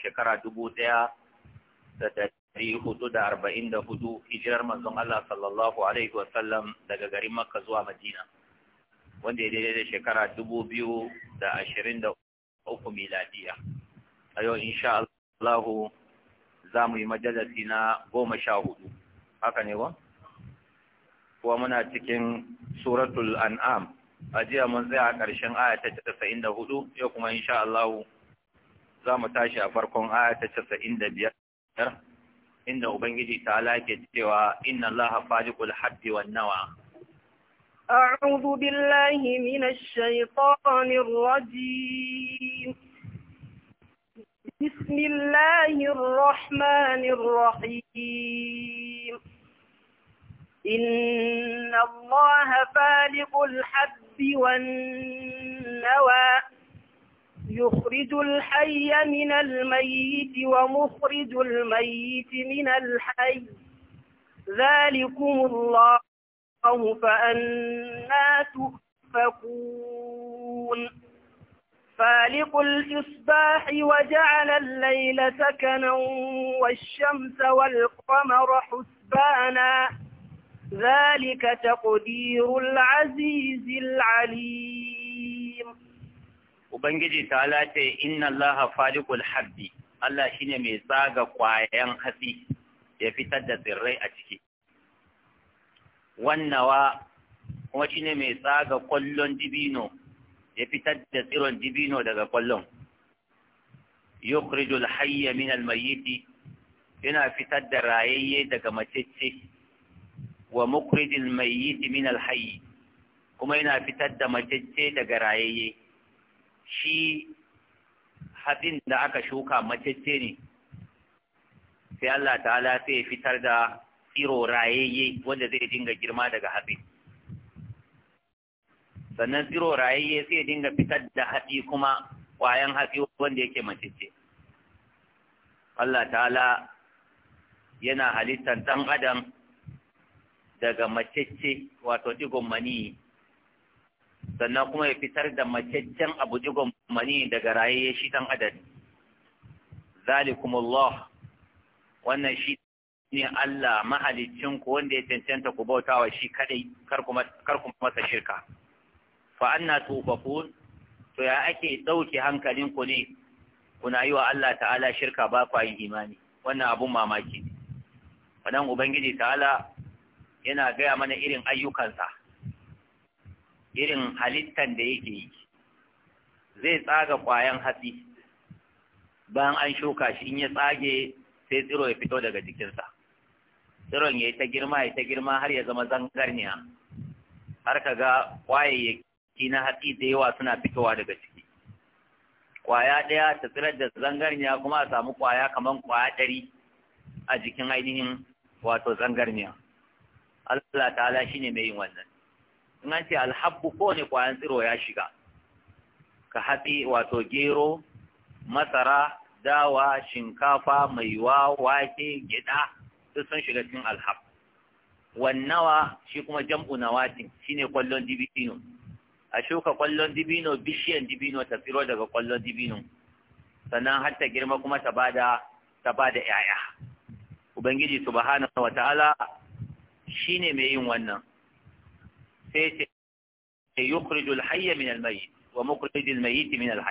shekara dubu ɗaya da dari hudu da arba'in da hudu hijirar manzon Allah sallallahu alaihi wasallam daga garin Makka zuwa Madina wanda ya daidai da shekara dubu biyu da ashirin da uku miladiya. A yau insha Allah za mu yi majalasi na goma sha hudu. Haka ne ba? Kuwa muna cikin suratul an'am. A jiya mun tsaya a ƙarshen aya ta 94 yau kuma insha Allah za mu tashi a farkon aya ta casa'in da biyar inda ubangiji ta lake cewa inna allaha faliqul haddi wan nawa أعوذ بالله من الشيطان الرجيم بسم الله الرحمن الرحيم إن الله فالق الحب والنوى يخرج الحي من الميت ومخرج الميت من الحي ذلكم الله فأنا تؤفكون فالق الإصباح وجعل الليل سكنا والشمس والقمر حسبانا ذلك تقدير العزيز العليم ubangiji ta lace inna allaha faliqul habbi Allah shine mai tsaga kwayan hatsi ya fitar da tsirrai a ciki wannawa kuma shine mai tsaga kwallon dibino ya fitar da tsiron dibino daga kwallon yukhrijul hayya min almayyit yana fitar da rayayye daga macece wa mukhrijul mayyit min alhayy kuma yana fitar da macece daga rayayye shi hatsin da aka shuka macece ne sai Allah ta'ala sai ya fitar da tsiro rayayye wanda zai dinga girma daga hatsi sannan tsiro rayayye sai ya dinga fitar da hatsi kuma ƙwayan hatsi wanda yake macece Allah ta'ala yana halittar ɗan adam daga macece wato digon mani. sannan kuma ya fitar da macaccen abu jigon mani daga raye shi dan adadi zalikumullah wannan shi ne Allah mahalicin ku wanda ya cancanta ku bautawa shi kadai kar ku masa shirka fa anna tufafun to ya ake dauke hankalin ku ne kuna yi wa Allah ta'ala shirka ba ku yin imani wannan abun mamaki ne wannan ubangiji ta'ala yana gaya mana irin ayyukansa irin halittan da yake yi zai tsaga ƙwayan hatsi bayan an shuka shi in ya tsage sai tsiro ya fito daga jikinsa tsiron ya yi ta girma ya ta girma har ya zama zangarniya har ka ga ƙwayayyaki na hatsi da yawa suna fitowa daga ciki ƙwaya ɗaya ta tsirar da zangarniya kuma a samu ƙwaya kamar ƙwaya ɗari a jikin ainihin wato zangarniya Allah ta'ala ne mai yin wannan nanti ce alhabbu ko ne kwayan tsiro ya shiga ka hatsi wato gero masara dawa shinkafa maiwa wake gida duk sun shiga cikin alhab wannawa shi kuma jam'u nawatin shine kwallon dibino a shuka kwallon dibino bishiyan dibino ta tsiro daga kwallon dibino sannan har ta girma kuma ta bada ta bada yaya ubangiji subhanahu wataala shine mai yin wannan sai ce yi yukhrijul hayya min al-mayyit wa mukhrijul mayyit min al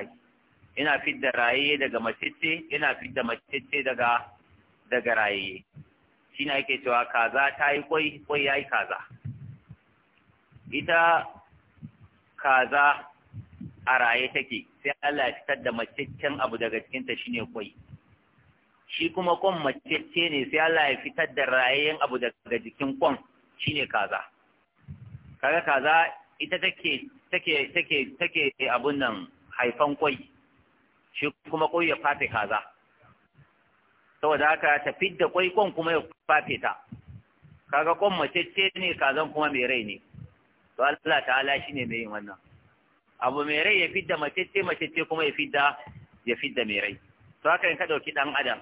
Ina ina da raye daga macece ina da macece daga daga raye shine ake cewa kaza ta yi kwai kwai yi kaza ita kaza a raye take sai Allah ya fitar da macaccen abu daga cikinta shine kwai shi kuma kwan macece ne sai Allah ya fitar da rayayen abu daga jikin kwan shine kaza kaga kaza ita take take take take abun nan haifan kwai shi kuma kwai ya fafe kaza saboda haka ta fidda kwai kwan kuma ya fafe ta kaga kwan ce ne kazan kuma mai rai ne to Allah ta'ala shine mai yin wannan abu mai rai ya fidda mace ce, kuma ya fidda ya fidda mai rai to haka in ka dauki dan adam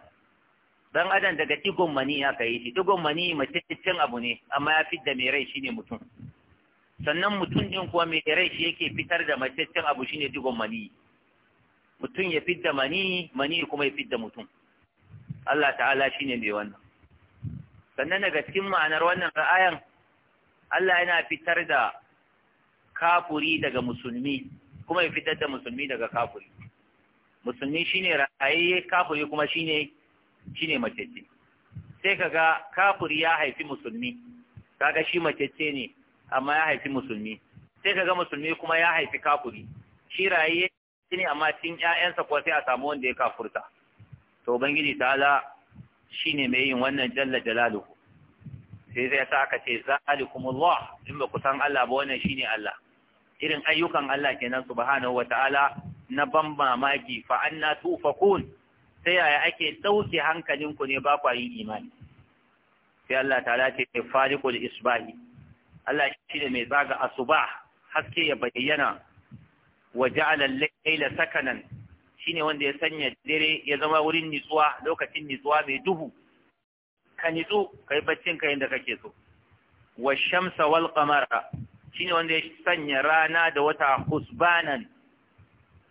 dan adam daga digon mani ya kai shi digon mani mace macecen abu ne amma ya fidda mai rai shine mutum sannan mutum ɗin kuwa mai rai shi yake fitar da matattun abu shine digon mani mutum ya da mani mani kuma ya da mutum Allah ta'ala shi ne mai wannan sannan daga cikin ma'anar wannan ra'ayan Allah yana fitar da kafuri daga musulmi kuma ya fitar da musulmi daga kafuri musulmi shine ra'ayi, kafuri kuma shi ne matacce sai kaga kafuri ya haifi musulmi kaga shi matacce ne amma ya haifi musulmi sai ka ga musulmi kuma ya haifi kafuri shi raye ne amma cin ƴaƴansa kuwa sai a samu wanda ya kafurta to ubangiji ta'ala shine mai yin wannan jalla jalaluhu sai sai sa aka ce zalikumullah in ba ku san Allah ba wannan shine Allah irin ayyukan Allah kenan subhanahu ta'ala na ban mamaki fa anna tufakun sai yaya ake dauke hankalinku ne ba kwa imani sai Allah ta'ala ce fariqul isbahi Allah shi ne mai zaga asuba haske ya bayyana wa ja'ala al-layla sakanan shine wanda ya sanya dare ya zama wurin nitsuwa lokacin nitsuwa mai duhu ka nitsu kai baccin ka yanda kake so wa shamsa wal qamara shine wanda ya sanya rana da wata husbanan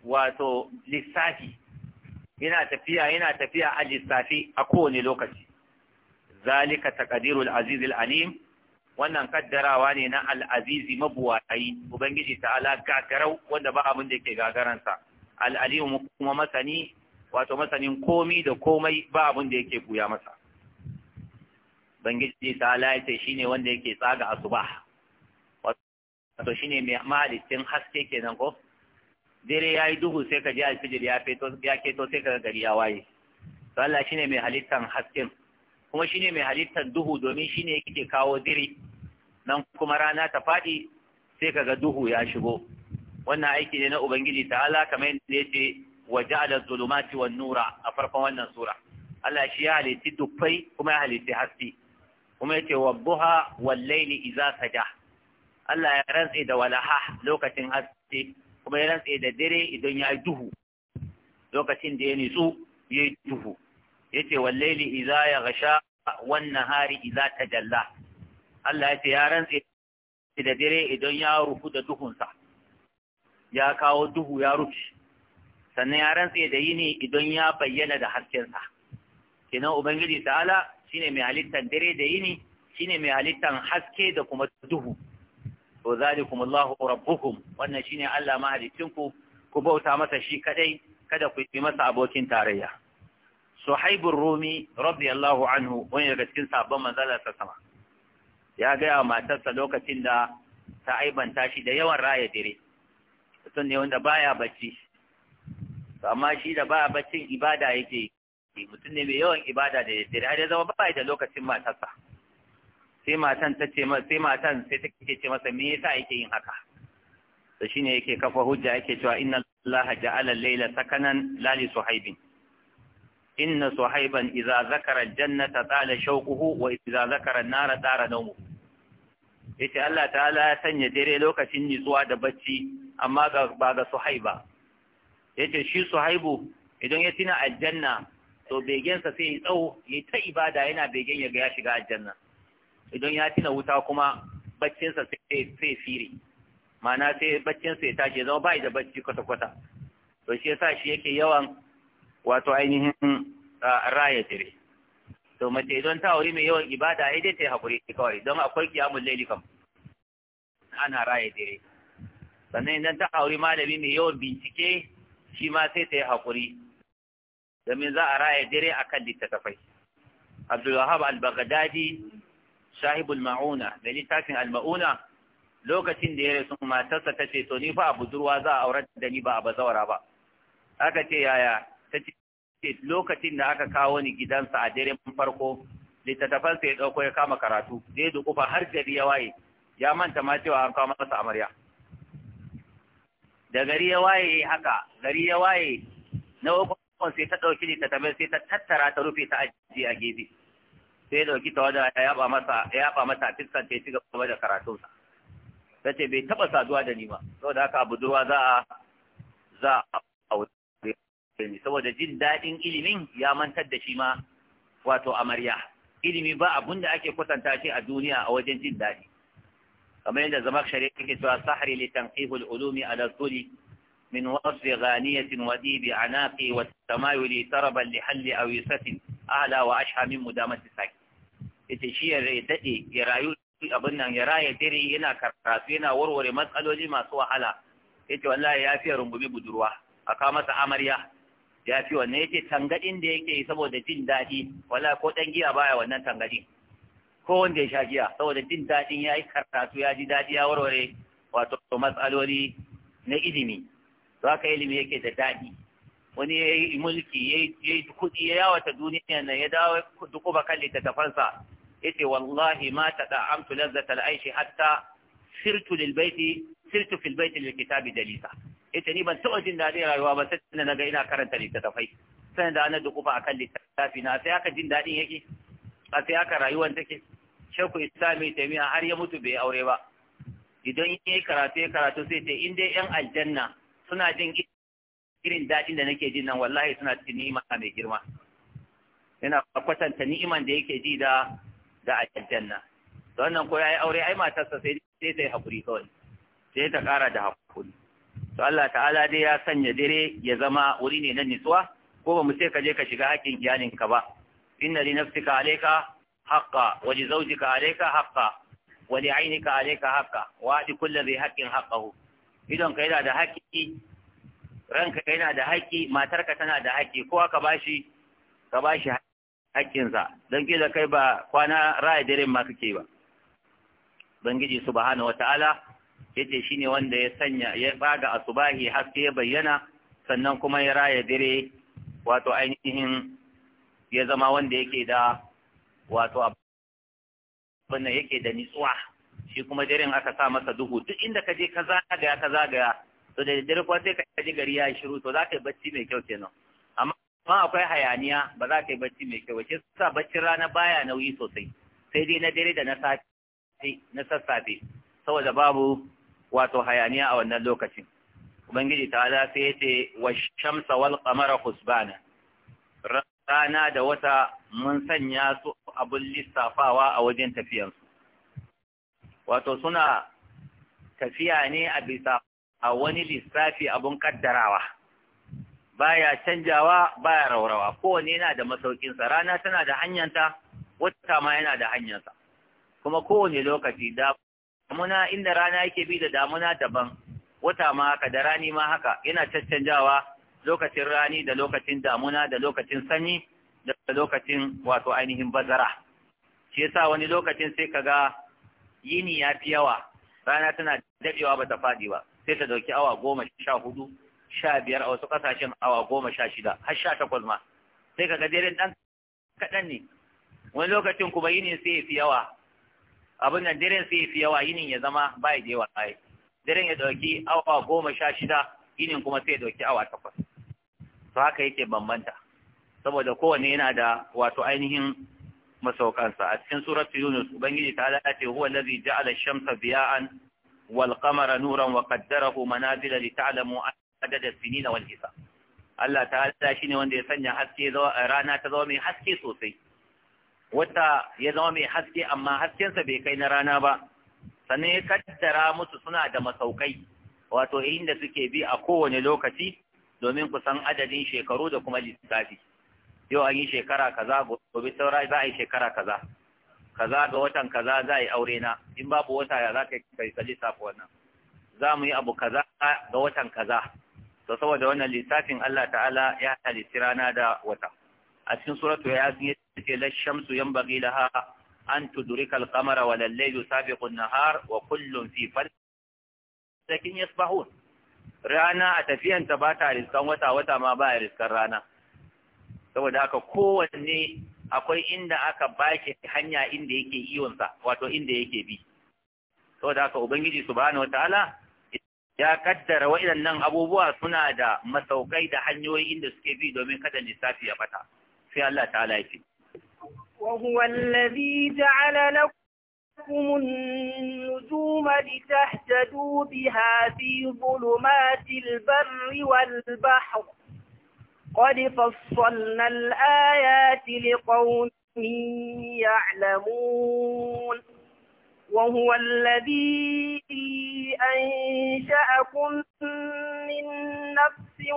wato lissafi yana tafiya yana tafiya a lissafi a kowane lokaci zalika taqdirul azizil alim wannan kaddarawa ne na al'azizi mabuwayi ubangiji ta'ala gagarau wanda ba abin da ke gagaransa al'alimu kuma masani wato masanin komi da komai ba abin da yake buya masa ubangiji ta'ala ya ce shi ne wanda yake tsaga asuba wato ne mai malikin haske kenan ko ya yi duhu sai ka je alfijir ya ya keto sai ka gari ya waye to Allah ne mai halittan hasken kuma shi ne mai halittar duhu domin shi ne yake kawo diri nan kuma rana ta faɗi sai kaga duhu ya shigo wannan aiki ne na ubangiji ala kamar yadda ce wa ja'ala zulumati wan nura a farkon wannan sura Allah shi ya halitti dukkai kuma ya halitti haske kuma yace wadduha wal layli idza saja Allah ya rantse da walaha lokacin haske kuma ya rantse da dare idan ya duhu lokacin da ya nitsu ya duhu yace wal layli idza gasha wannan hari iza ta Allah ya ce ya rantse da dare idan ya rufu da duhunsa ya kawo duhu ya rufe sannan ya rantse da yini idan ya bayyana da haskensa kenan ubangiji ta'ala shine mai halittan dare da yini shine mai halittan haske da kuma duhu to zalikum Allahu rabbukum wannan shine Allah mahaliccinku ku bauta masa shi kadai kada ku yi masa abokin tarayya suhaibur rumi radiyallahu anhu wani daga cikin sabon manzala ta sama ya gaya matarsa lokacin da ta aibanta shi da yawan raya dire mutum ne wanda baya bacci amma shi da baya baccin ibada yake mutum ne mai yawan ibada da dire har ya zama baya da lokacin matarsa sai matan ta ce sai matan sai take ce masa me yasa yake yin haka to shine yake kafa hujja yake cewa inna allaha ja'ala al-laila sakanan lali suhaibin inna suhaiban izazakara zakara jannata tala shawquhu wa idza zakara nara tara nawmu yace Allah ta'ala ya sanya dare lokacin nitsuwa da bacci amma ga ba ga suhaiba yace shi suhaibu idan ya tina aljanna to begensa sai ya tsawo ya ta ibada yana begen ya ga ya shiga aljanna idan ya tina wuta kuma baccinsa sai sai fire ma'ana sai baccinsa ya tashi zama bai da bacci kwata kwata to shi yasa shi yake yawan wato ainihin raya dare to mace idan ta wuri mai yawan ibada ya dai ta yi haƙuri kawai don akwai kiyamun laili kam ana raya dare sannan idan ta auri malami mai yawan bincike shi ma sai ta yi haƙuri domin za a raya dare a kan littattafai abdulwahab al-baghdadi shahibul ma'una da littafin al-ma'una lokacin da ya rasu matarsa ta ce to ni fa a budurwa za a aurar da ni ba a bazawara ba aka ce yaya ta ce lokacin da aka kawo ni gidansa a daren farko littattafan sai dauko ya kama karatu ya dukufa har gari ya waye ya manta ma cewa an kawo masa amarya da gari ya waye haka gari ya waye na uku sai ta dauki littattafan sai ta tattara ta rufe ta ajiye a gefe sai dauki ta wada ya yaba masa ya yaba masa fiskan ta ci gaba da karatunsa ce bai taba saduwa da ni ba saboda haka budurwa za a za a saboda jin daɗin ilimin ya mantar da shi ma wato amarya ilimi ba abun da ake kwatanta shi a duniya a wajen jin daɗi kamar yadda zama shari'a yake cewa sahri li tanqihul ulumi ala tuli min wasf ghaniyatin wa dibi anaqi wa tamayuli taraban li halli aw yusatin wa ashha min mudamati saki yace shi ya dade ya rayu abin nan ya raya dare yana karatu yana warware matsaloli masu wahala yace wallahi ya fiye rungumi budurwa a kawo masa amarya ya fi wannan yace tangadin da yake saboda jin daɗi wala ko dan giya baya wannan tangadin ko wanda ya sha giya saboda jin daɗin ya yi karatu ya ji daɗi ya warware wato matsaloli na ilimi to haka ilimi yake da daɗi wani ya yi mulki ya yi kuɗi ya yawata duniya nan ya dawo dukuba kan littattafansa ya ce wallahi ma ta da'amtu lazzata al'aishi hatta sirtu lil baiti sirtu fil baiti dalisa ita ni ban taɓa jin daɗin rayuwa ba sai na naga ina karanta littattafai sai da ana dukufa akan littafi na sai aka jin daɗin yake a sai aka rayuwar take shekku islami taimiya har ya mutu bai aure ba idan ya yi karatu ya karatu sai ta yi dai yan aljanna suna jin irin daɗin da nake jin nan wallahi suna cikin ni'ima mai girma yana kwatanta ni'iman da yake ji da da aljanna to wannan ko yi aure ai matarsa sai sai ta yi hakuri kawai sai ta ƙara da hakuri to Allah ta'ala dai ya sanya dare ya zama wuri ne na nitsuwa ko ba mu sai ka je ka shiga haƙƙin iyalinka ba inna li nafsika alayka haqqa wa li zawjika alayka haqqa wa li aynika alayka haqqa wa adi kullu dhi haqqin haqqahu idan ka yana da haƙƙi ranka yana da haƙƙi matarka tana da haƙƙi kowa ka bashi ka bashi haƙƙinsa don kila kai ba kwana ra'ayi dare ma kake ba bangiji subhanahu Ta'ala? yace shine wanda ya sanya ya baga asubahi haske ya bayyana sannan kuma ya raya dire wato ainihin ya zama wanda yake da wato abin yake da nitsuwa shi kuma daren aka sa masa duhu duk inda ka je ka zagaya ka zagaya to da dare kuwa sai ka ji gari ya shiru to za ka yi bacci mai kyau kenan amma akwai hayaniya ba za ka yi bacci mai kyau shi sa baccin rana baya nauyi sosai sai dai na dare da na safe na sassafe saboda babu wato hayaniya a wannan lokacin ubangiji ta ala sai ya ce wa shamsa wal qamara husbana rana da wata mun sanya su abun lissafawa a wajen tafiyansu wato suna tafiya ne a bisa a wani lissafi abun kaddarawa baya canjawa baya raurawa kowane yana da masaukinsa rana tana da hanyanta wata ma yana da hanyarsa kuma kowane lokaci da damuna inda rana yake bi da damuna daban wata ma haka da rani ma haka yana caccanjawa lokacin rani da lokacin damuna da lokacin sanyi da lokacin wato ainihin bazara shi yasa wani lokacin sai kaga yini ya fi yawa rana tana daɗewa ba ta faɗi ba sai ta ɗauki awa goma sha hudu sha biyar a wasu ƙasashen awa goma sha shida har sha takwas ma sai kaga daren ɗan kaɗan ne wani lokacin kuma yini sai ya fi yawa abin nan daren sai fi yawa yinin ya zama bai da yawa ai daren ya dauki awa goma sha shida yinin kuma sai ya dauki awa takwas to haka yake bambanta saboda kowanne yana da wato ainihin masaukansa a cikin suratul yunus ubangiji ta ce huwa allazi ja'ala ash-shamsa biya'an wal qamara nuran wa qaddarahu manazila talamu adad as-sinina wal hisab Allah ta'ala shine wanda ya sanya haske rana ta zama mai haske sosai wata ya zama mai haske amma haskensa bai kai na rana ba sannan ya kaddara musu suna da masaukai wato inda suke bi a kowane lokaci domin ku san adadin shekaru da kuma lissafi yau an yi shekara kaza gobe saura za a yi shekara kaza kaza ga watan kaza za a yi aure na in babu wata ya za ka kai ka lissafi wannan za mu yi abu kaza ga watan kaza to saboda wannan lissafin Allah ta'ala ya halitti rana da wata a cikin suratu yasin yace la shamsu da laha an tudrika al wa al-laylu sabiqu an har, wa kullum fi falsakin yasbahun rana a tafiyanta ba ta riskan wata wata ma ba a riskan rana saboda haka kowanne akwai inda aka bake hanya inda yake iyonsa wato inda yake bi saboda haka ubangiji subhanahu wataala ya kaddara waɗannan abubuwa suna da masaukai da hanyoyi inda suke bi domin kada lissafi ya fata. في الله تعالى ya وهو الذي جعل لكم النجوم لتهتدوا بها في ظلمات البر والبحر قد فصلنا الآيات لقوم يعلمون وهو الذي أنشأكم من نفس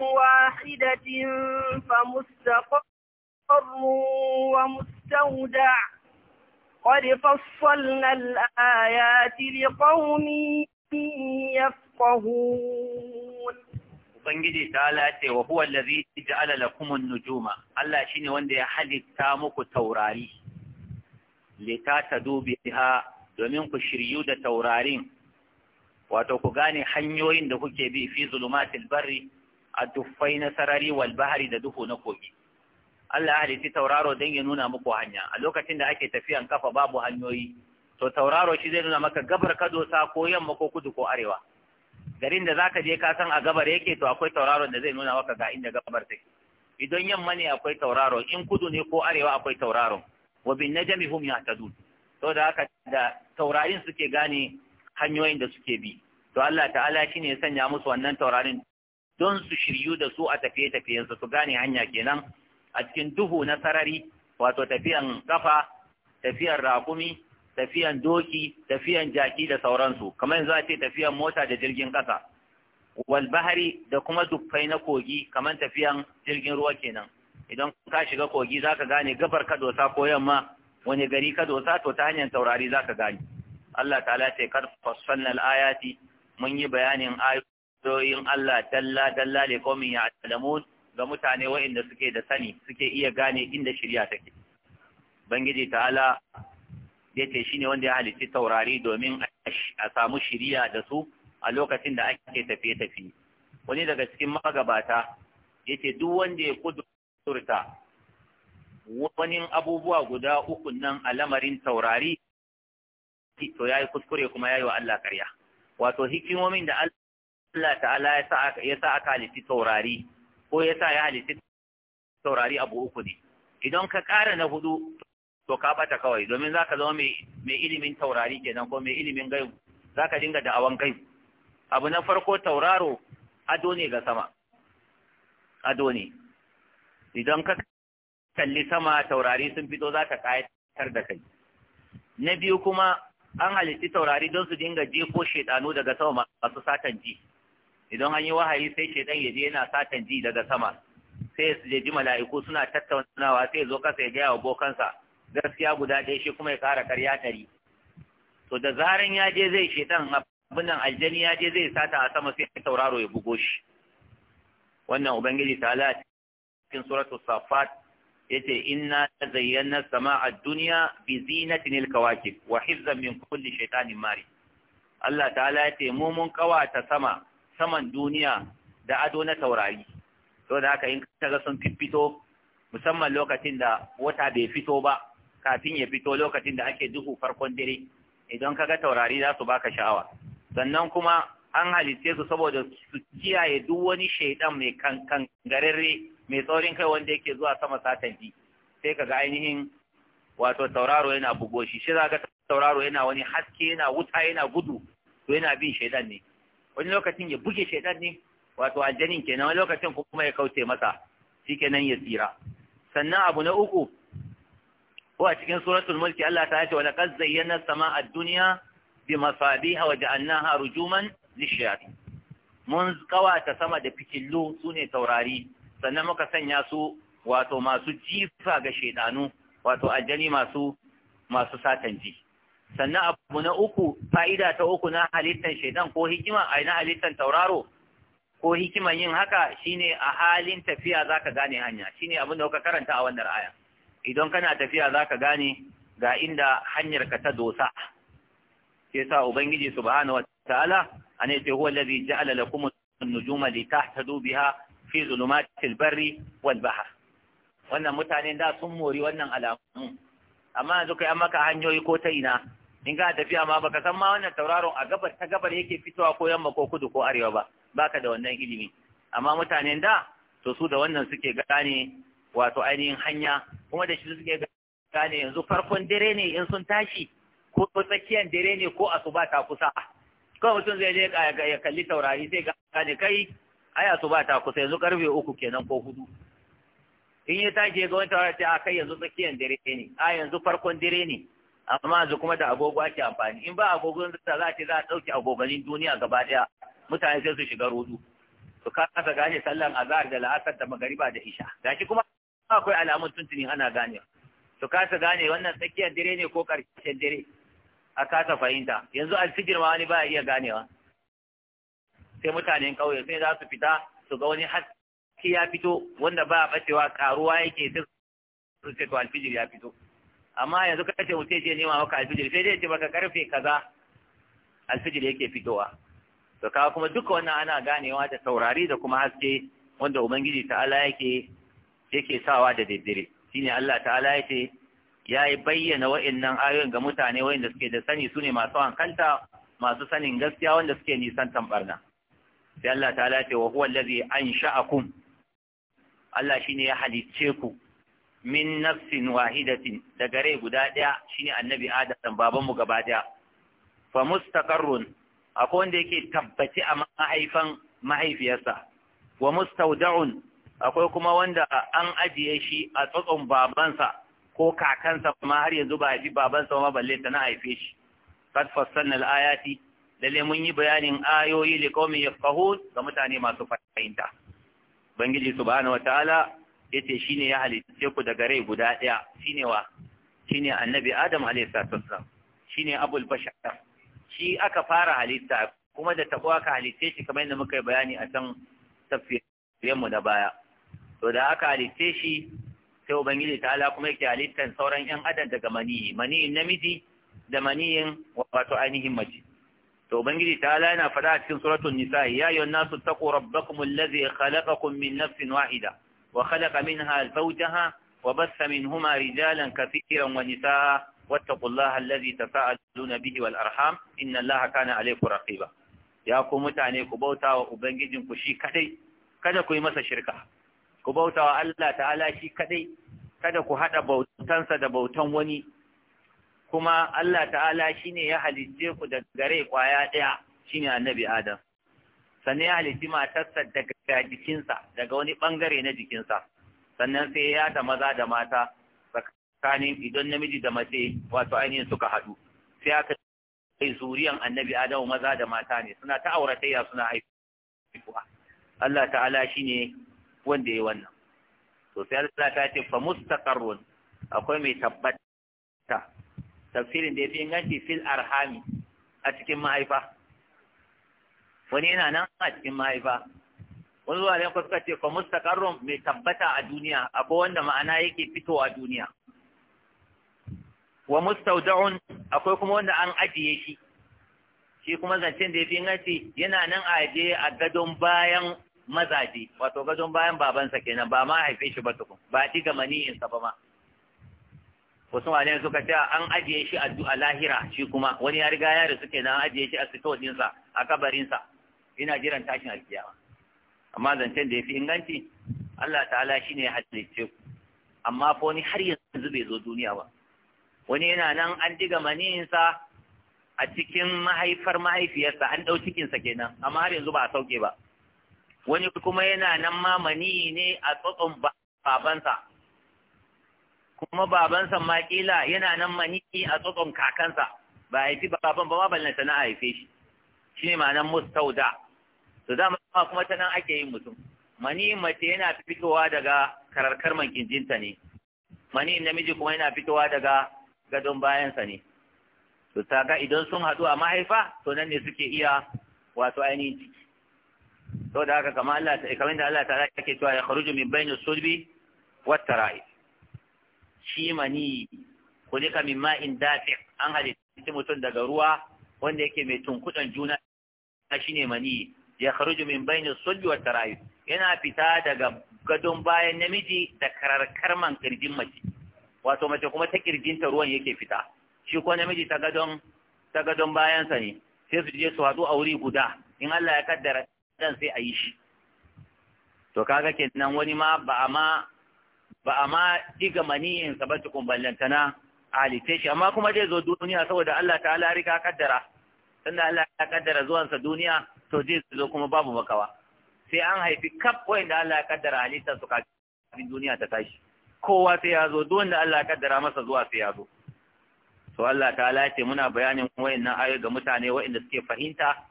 واحدة فمستقر ومستودع قد فصلنا الآيات لقوم يفقهون Ubangiji ta lace wa huwa lazi ji lakum nujuma Allah shi ne wanda ya halitta muku taurari dubi ha, domin ku shiryu da taurarin wato ku gane hanyoyin da kuke bi fi zulumatil bari? a na sarari wal bahari da duhu na kogi Allah ya halitta tauraro don ya nuna muku hanya a lokacin da ake tafiyan kafa babu hanyoyi to tauraro shi zai nuna maka gabar ka dosa ko yamma ko kudu ko arewa garin da zaka je ka san a gabar yake to akwai tauraron da zai nuna maka ga inda gabar take idan yamma ne akwai tauraro in kudu ne ko arewa akwai tauraro wa bin najmi hum yahtadun to da haka da taurarin suke gane hanyoyin da suke bi to Allah ta'ala shine ya sanya musu wannan taurarin don su shiryu da su a tafiye-tafiyensu su gane hanya kenan a cikin duhu na sarari wato tafiyan kafa tafiyan rakumi tafiyan doki tafiyan jaki da sauransu kamar yanzu a ce tafiyan mota da jirgin kasa wal bahari da kuma dukkai na kogi kamar tafiyan jirgin ruwa kenan idan ka shiga kogi zaka gane gabar ka ko yamma wani gari ka to ta hanyar taurari zaka gane Allah ta'ala ce kar fassalna al-ayati mun yi bayanin ayoyi doyin Allah dalla dalla li ya ya'lamun ga mutane waɗanda suke da sani suke iya gane inda shirya take bangiji ta Ala ce shi shine wanda ya halitta taurari domin a samu shirya da su a lokacin da ake tafiye tafiye wani daga cikin magabata ya ce duk wanda ya kudurta wani abubuwa guda uku nan a lamarin taurari to ya yi kuskure kuma ya yi wa Allah karya wato hikimomin da Allah Allah ta'ala ya sa aka halitti taurari ko ya sa ya halitti taurari abu uku ne idan ka ƙara na hudu to ka bata kawai domin za ka zama mai ilimin taurari kenan ko mai ilimin gaibu za ka dinga da'awan gaibu abu na farko tauraro ado ne ga sama ado ne idan ka kalli sama taurari sun fito za ka ƙayatar da kai na biyu kuma an halitti taurari don su dinga jefo shaidanu daga sama masu satan ji idan an yi wahayi sai shedan ya je yana satan ji daga sama sai su je ji mala'iku suna tattaunawa sai zo kasa ya gaya wa bokansa gaskiya guda ɗaya shi kuma ya kara karya tari to da zaran ya je zai shedan abinan aljani ya je zai sata a sama sai tauraro ya bugo shi wannan ubangiji ta ala cikin suratu safat yace inna zayyana sama'a dunya bi zinatin alkawakib wa hifzan min kulli shaytanin mari Allah ta'ala yace mu mun kawata sama saman duniya da ado na taurari to da haka in ga sun fito musamman lokacin da wata bai fito ba kafin ya fito lokacin da ake duhu farkon dare idan ka ga taurari za su baka sha'awa sannan kuma an halitte su saboda su kiyaye duk wani shaidan mai gararre mai tsaurin kai wanda yake zuwa sama satan ji sai kaga ainihin wato tauraro yana bugo shi shi ga tauraro yana wani haske yana wuta yana gudu to yana bin shaidan ne wani lokacin ya buge shaidan ne wato aljanin kenan wani lokacin kuma ya kauce masa shikenan ya tsira sannan abu na uku ko a cikin suratul mulki Allah ta ce wala qad zayyana samaa ad-dunya bi masabiha wa ja'alnaha rujuman lishayatin mun kawata sama da fitillu sune taurari sannan muka sanya su wato masu jifa ga shedanu wato aljani masu masu satan ji sannan abu na uku fa'ida ta uku na halittar shaidan ko hikima a na halittar tauraro ko hikiman yin haka shine a halin tafiya za ka gane hanya shine abin da kuka karanta a wannan aya idan kana tafiya za ka gane ga inda hanyar ka ta dosa Ke sa ubangiji subhanahu wataala an yace huwa allazi an-nujuma litahtadu biha fi zulumatil barri wal wannan mutanen da sun mori wannan alamu amma yanzu kai an maka hanyoyi ko ta ina in ga tafiya ma baka san ma wannan tauraron a gabar ta gabar yake fitowa ko yamma ko kudu ko arewa ba baka da wannan ilimi amma mutanen da to su da wannan suke gane wato ainihin hanya kuma da shi suke gane yanzu farkon dare ne in sun tashi ko tsakiyar dare ne ko asuba ta kusa kawai mutum zai je ya kalli taurari sai gane kai ai asuba ta kusa yanzu karfe uku kenan ko hudu in ya tashi ga wata wata a kai yanzu tsakiyar dare ne a yanzu farkon dare ne amma yanzu kuma da agogo ake amfani in ba agogon da za a ce za a ɗauke agoganin duniya gaba ɗaya mutane sai su shiga rudu. su kasa gane sallan azhar da la'asar da magariba da isha gashi kuma akwai alamun tuntuni ana gane su kasa gane wannan tsakiyar dare ne ko ƙarshen dare a kasa fahimta yanzu alfijir ma wani ba iya ganewa sai mutanen ƙauye sai za su fita su ga wani hasken shi ya fito wanda ba a bacewa karuwa yake sai su to alfijir ya fito amma yanzu ka ce mutum je nema maka alfijir sai dai ce maka karfe kaza alfijir yake fitowa to kawo kuma duka wannan ana ganewa da saurari da kuma haske wanda ubangiji ta'ala yake yake sawa da daddare shine Allah ta'ala yake ya yi bayyana wa'annan ayoyin ga mutane wa'anda suke da sani sune masu hankalta masu sanin gaskiya wanda suke nisan tambarna sai Allah ta'ala ce wa huwa allazi ansha'akum Allah shi ne ya halicce ku min nafsin wahidatin daga rai guda ɗaya shine annabi adam babanmu gaba ɗaya fa mustaqarrun akwai wanda yake tabbaci a mahaifan mahaifiyarsa wa mustaudaun akwai kuma wanda an ajiye shi a tsotson babansa ko kakansa ma har yanzu ba haifi babansa ma balle ta na haife shi kad fassalna al lalle mun yi bayanin ayoyi ya fahu ga mutane masu fahimta ubangiji subhanahu wataala yace shine ya halitta ku daga rai guda daya shine wa shine annabi adam alayhi salatu wassalam shine abul bashar shi aka fara halitta kuma da tabo aka halitta shi kamar yadda muka yi bayani a can tafsirinmu da baya to da aka halitta shi sai ubangiji ta'ala kuma yake halittan sauran yan adam daga maniyi maniyin namiji da maniyin wato ainihin mace Da ubangiji ta ala yana faɗa a cikin suratun nisa ya ayyuhan nasu taqu rabbakum allazi khalaqakum min nafsin wahida wa min minha zawjaha wa bassa minhuma rijalan katiran wa nisaa wattaqullaha allazi tasaaluna bihi wal arham Allah allaha kana alaykum raqiba ya ku mutane ku bautawa ubangijin ku shi kadai kada ku yi masa shirka ku bautawa Allah ta'ala shi kadai kada ku haɗa bautansa da bautan wani kuma Allah ta'ala shine ya halitte ku daga gare kwaya ɗaya shine annabi Adam sannan ya halitti matarsa daga jikinsa daga wani bangare na jikinsa sannan sai ya ta maza da mata tsakanin idan namiji da mace wato ainihin suka haɗu sai aka kai zuriyan annabi Adamu maza da mata ne suna ta auratayya suna haifuwa. Allah ta'ala shine wanda ya wannan to sai Allah ta ce fa mustaqarrun akwai mai tabbata tafsirin da ya fi inganci fil arhami a cikin mahaifa wani yana nan a cikin mahaifa wani zuwa ne suka ce kwa mustaqarrun mai tabbata a duniya akwai wanda ma'ana yake fito a duniya wa mustawda'un akwai kuma wanda an ajiye shi shi kuma zancen da ya fi inganci yana nan a ajiye a gadon bayan mazaje wato gadon bayan babansa kenan ba ma haife shi ba tukun ba ci ga maniyin sa ba ma wasu malayan suka ce an ajiye shi a lahira shi kuma wani ya riga ya rasu ke nan ajiye shi a sito dinsa a kabarinsa ina jiran tashin alkiyama amma zancen da ya fi inganci Allah ta'ala shi ne ya ku amma fa wani har yanzu bai zo duniya ba wani yana nan an diga maniyinsa a cikin mahaifar mahaifiyarsa an ɗau cikinsa kenan amma har yanzu ba a sauke ba wani kuma yana nan ma maniyi ne a tsotson babansa kuma babansa ma kila yana nan maniki a tsotson kakansa ba haifi baban ba ma ballanta na haife shi Shi ne ma'anar mustauda to da ma kuma ta nan ake yin mutum mani mace yana fitowa daga kararkar mankinjinta ne mani namiji kuma yana fitowa daga gadon bayansa ne to ga idan sun haɗu a mahaifa to nan ne suke iya wato ainihin ciki to da haka kamar Allah ta kamar da Allah ta yake cewa ya kharuju min bayni sulbi wat tara'i shi mani kulika min ma'in dafi an halitta mutum daga ruwa wanda yake mai tunkudan juna shi ne mani ya kharuju min bayanin sulbi wata rayu. yana fita daga gadon bayan namiji da karkarman kirjin mace wato mace kuma ta kirjinta ruwan yake fita shi ko namiji ta gadon bayansa ne sai su je su hadu a wuri guda in Allah ya kaddara dan sai a yi shi to kaga kenan wani ma ba a ma ba a ma diga maniyinsa ba tukun ballantana a halitta shi amma kuma zai zo duniya saboda Allah ta ala rika kaddara sannan Allah ya kaddara zuwansa duniya to zai zo kuma babu makawa sai an haifi kaf da Allah ya kaddara halittar su kafin duniya ta tashi kowa sai ya zo duk wanda Allah ya kaddara masa zuwa sai ya zo to Allah ta'ala ce muna bayanin nan ayo ga mutane wayanda suke fahimta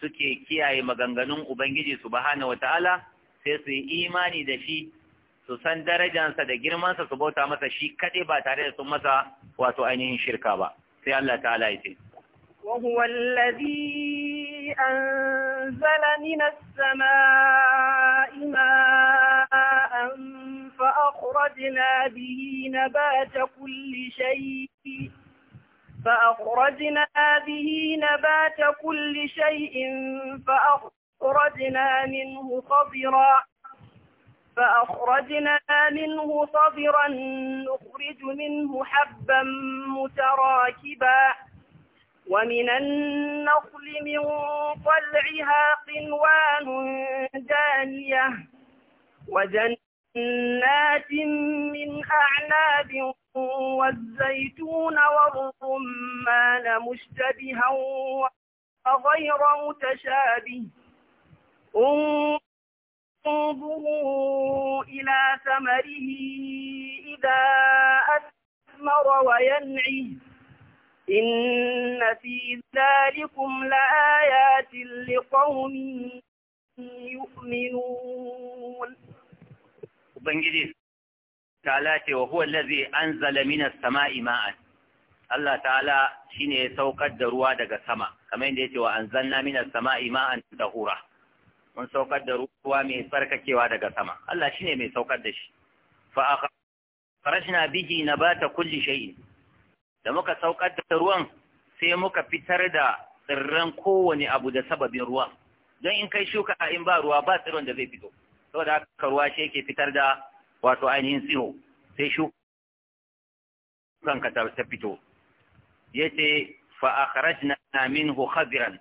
suke kiyaye maganganun Ubangiji subhanahu wataala sai su yi imani da shi su san darajansa da girmansa su bauta masa shi kaɗai ba tare da sun masa wato ainihin shirka ba sai Allah ta'ala ya ce وهو الذي أنزل من السماء ماء فأخرجنا به نبات كل شيء فأخرجنا به نبات كل شيء فأخرجنا منه خضرا فأخرجنا منه صبرا نخرج منه حبا متراكبا ومن النخل من طلعها قنوان دانية وجنات من أعناب والزيتون والرمان مشتبها وغير متشابه انظروا إلى ثمره إذا أثمر وينعه إن في ذلكم لآيات لقوم يؤمنون Ubangiji ta'ala وهو الذي أنزل من السماء ماء Allah ta'ala shine ya saukar da ruwa daga sama kamar yadda yake wa anzalna minas sama'i ma'an tahura mun saukar da ruwa mai tsarkakewa daga sama Allah shi ne mai saukar da shi fa akhrajna bihi nabata kulli shay'in da muka saukar da ruwan sai muka fitar da tsirran kowane abu da sababin ruwa don in kai shuka in ba ruwa ba tsiron da zai fito saboda haka ruwa shi yake fitar da wato ainihin tsiro sai shukan ka ta fito yace fa akhrajna minhu khadiran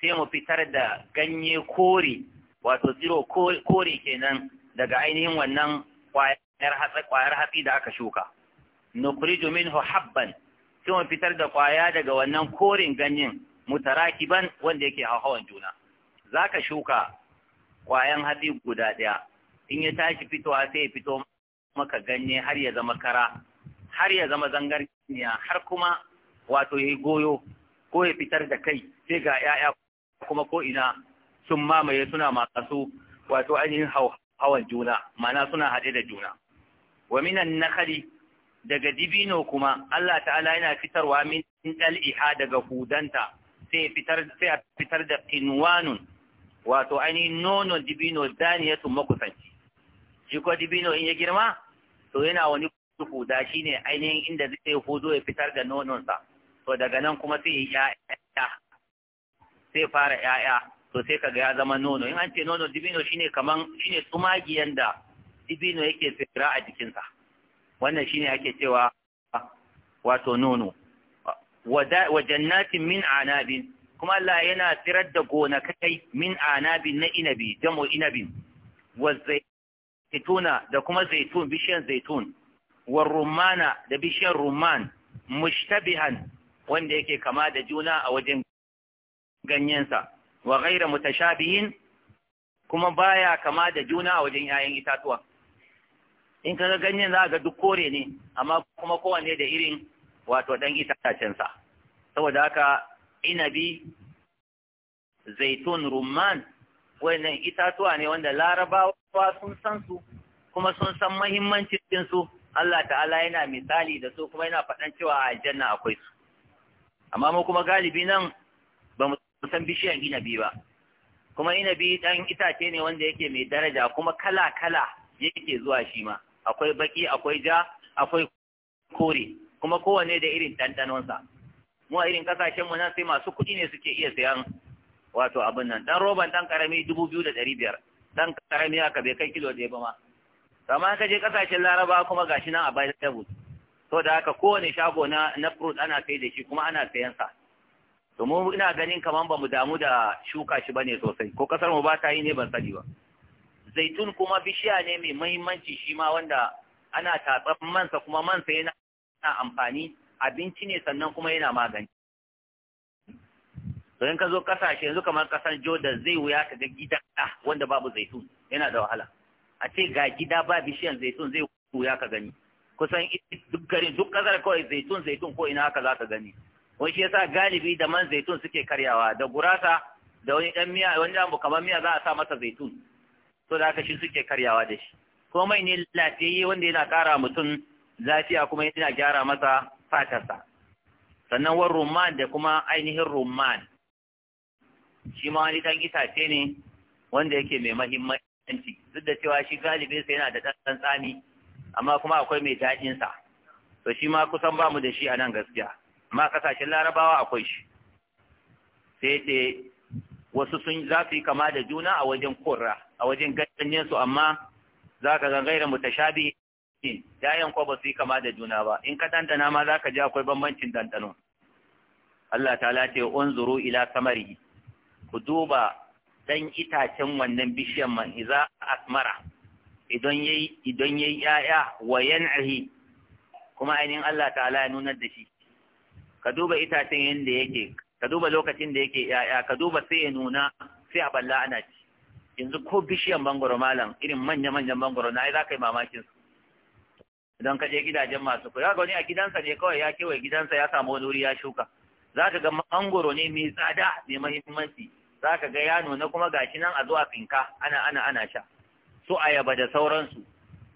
sai mu fitar da ganye kore wato tsiro kore kenan daga ainihin wannan kwayar hatsi da aka shuka nukhriju minhu habban sai mu fitar da kwaya daga wannan korin ganyen mutarakiban wanda yake hawan juna zaka shuka kwayan hatsi guda daya in ya tashi fitowa sai ya fito maka ganye har ya zama kara har ya zama zangarniya har kuma wato ya goyo ko ya fitar da kai sai ga 'ya'ya kuma ko ina sun mamaye suna masu wato ainihin hawan juna mana suna haɗe da juna wa minan nakhali daga dibino kuma Allah ta'ala yana fitarwa min iha daga hudanta sai fitar sai a fitar da qinwanun wato ainihin nono dibino daniyatu makusanci shi ko dibino in ya girma to yana wani huda shine ainihin inda zai hudo ya fitar da nononsa to daga nan kuma sai ya ya sai fara 'ya'ya to sai kaga ya zama nono in an ce nono dibino shine kaman shine tsumagiyan da dibino yake tsira a jikinsa wannan shine ake cewa wato nono wa jannatin min anabin kuma Allah yana tsirar da gonakai min anabin na inabi jamo inabin wa zaituna da kuma zaitun bishiyan zaitun wa rumana da bishiyan rumman mushtabihan wanda yake kama da juna a wajen ganyensa wa ghaira mutashabihin kuma baya kama da juna a wajen 'ya'yan itatuwa in kaga ganyen za ga duk kore ne amma kuma kowanne da irin wato dan itacensa saboda haka inabi zaitun rumman wannan itatuwa ne wanda larabawa sun san su kuma sun san mahimmancin su Allah ta'ala yana misali da su kuma yana faɗan cewa a aljanna akwai su amma mu kuma galibi nan san bishiyan inabi ba kuma inabi dan itace ne wanda yake mai daraja kuma kala kala yake zuwa shi ma akwai baki akwai ja akwai kore kuma kowane da irin ɗanɗanonsa mu a irin kasashen mu nan sai masu kuɗi ne suke iya sayan wato abin nan dan roban dan karami dubu biyu da dan karami aka bai kai kilo da ba ma amma ka je kasashen laraba kuma gashi nan a bayan da to da haka kowane shago na na fruit ana sai da shi kuma ana sayan sa to mu ina ganin kaman bamu damu da shuka shi bane sosai ko kasar mu ba ta yi ne ban sani ba zaitun kuma bishiya ne mai muhimmanci shi ma wanda ana tatsan mansa kuma mansa yana amfani abinci ne sannan kuma yana magani to in ka zo kasashe yanzu kamar kasar Jordan zai wuya ka ga gida wanda babu zaitun yana da wahala a ce ga gida ba bishiyan zaitun zai wuya ka gani kusan duk garin duk kasar kawai zaitun zaitun ko ina haka za ka gani wai shi yasa galibi da man zaitun suke karyawa da gurasa da wani dan miya wani abu kamar miya za a sa masa zaitun to da haka shi suke karyawa da shi komai ne lafiyayye wanda yana kara mutum lafiya kuma yana gyara masa fatarsa sannan war rumman da kuma ainihin rumman shi ma wani dan itace ne wanda yake mai mahimmanci duk da cewa shi galibinsa yana da dan tsami amma kuma akwai mai sa to shi ma kusan bamu da shi a nan gaskiya ma kasashen larabawa akwai shi sai wasu sun za su yi kama da juna a wajen korra a wajen ganyen su amma za ka ga gaira mutashabi yayan kwa ba su yi kama da juna ba in ka dandana ma za ka ji akwai bambancin dandano Allah Ta ce unzuru ila samari ku duba dan itacen wannan bishiyan man iza asmara idan yayi idan yayi yaya wa yan'ahi kuma ainihin Allah ta'ala ya nunar da shi ka duba itacen yadda yake ka duba lokacin da yake yaya ka duba sai ya nuna sai a balla ana ci yanzu ko bishiyan bangoro malam irin manya manyan bangoro na ai za ka yi mamakin su idan ka je gidajen masu kula ga wani a gidansa ne kawai ya kewaye gidansa ya samu wani wuri ya shuka za ka ga mangoro ne mai tsada mai mahimmanci za ka ga ya nuna kuma gashi nan a zuwa finka ana ana ana sha su ayaba da sauransu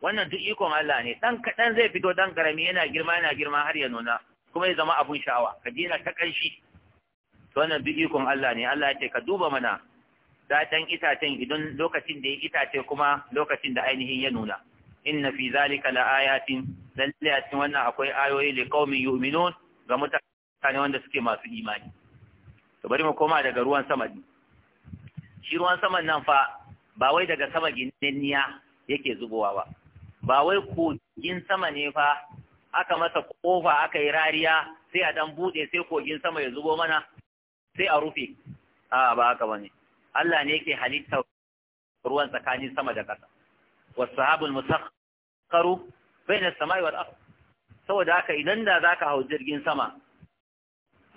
wannan duk ikon Allah ne dan kaɗan zai fito dan karami yana girma yana girma har ya nuna kuma ya zama abin sha'awa ka dina ta ƙanshi to wannan duk ikon Allah ne Allah ya ce ka duba mana datan itacen idan lokacin da ya itace kuma lokacin da ainihin ya nuna inna fi zalika laayatin lalle a wannan akwai ayoyi li qaumin yu'minun ga mutane wanda suke masu imani to bari mu koma daga ruwan sama din shi ruwan saman nan fa ba wai daga sama ginniya yake zubowa ba ba wai kogin sama ne fa aka masa kofa aka yi rariya sai a dan bude sai kogin sama ya zubo mana sai a rufe a ba haka bane Allah ne yake halitta ruwan tsakanin sama da ƙasa wasahabul musakkaru baina samai wal ardh saboda haka idan da zaka hau jirgin sama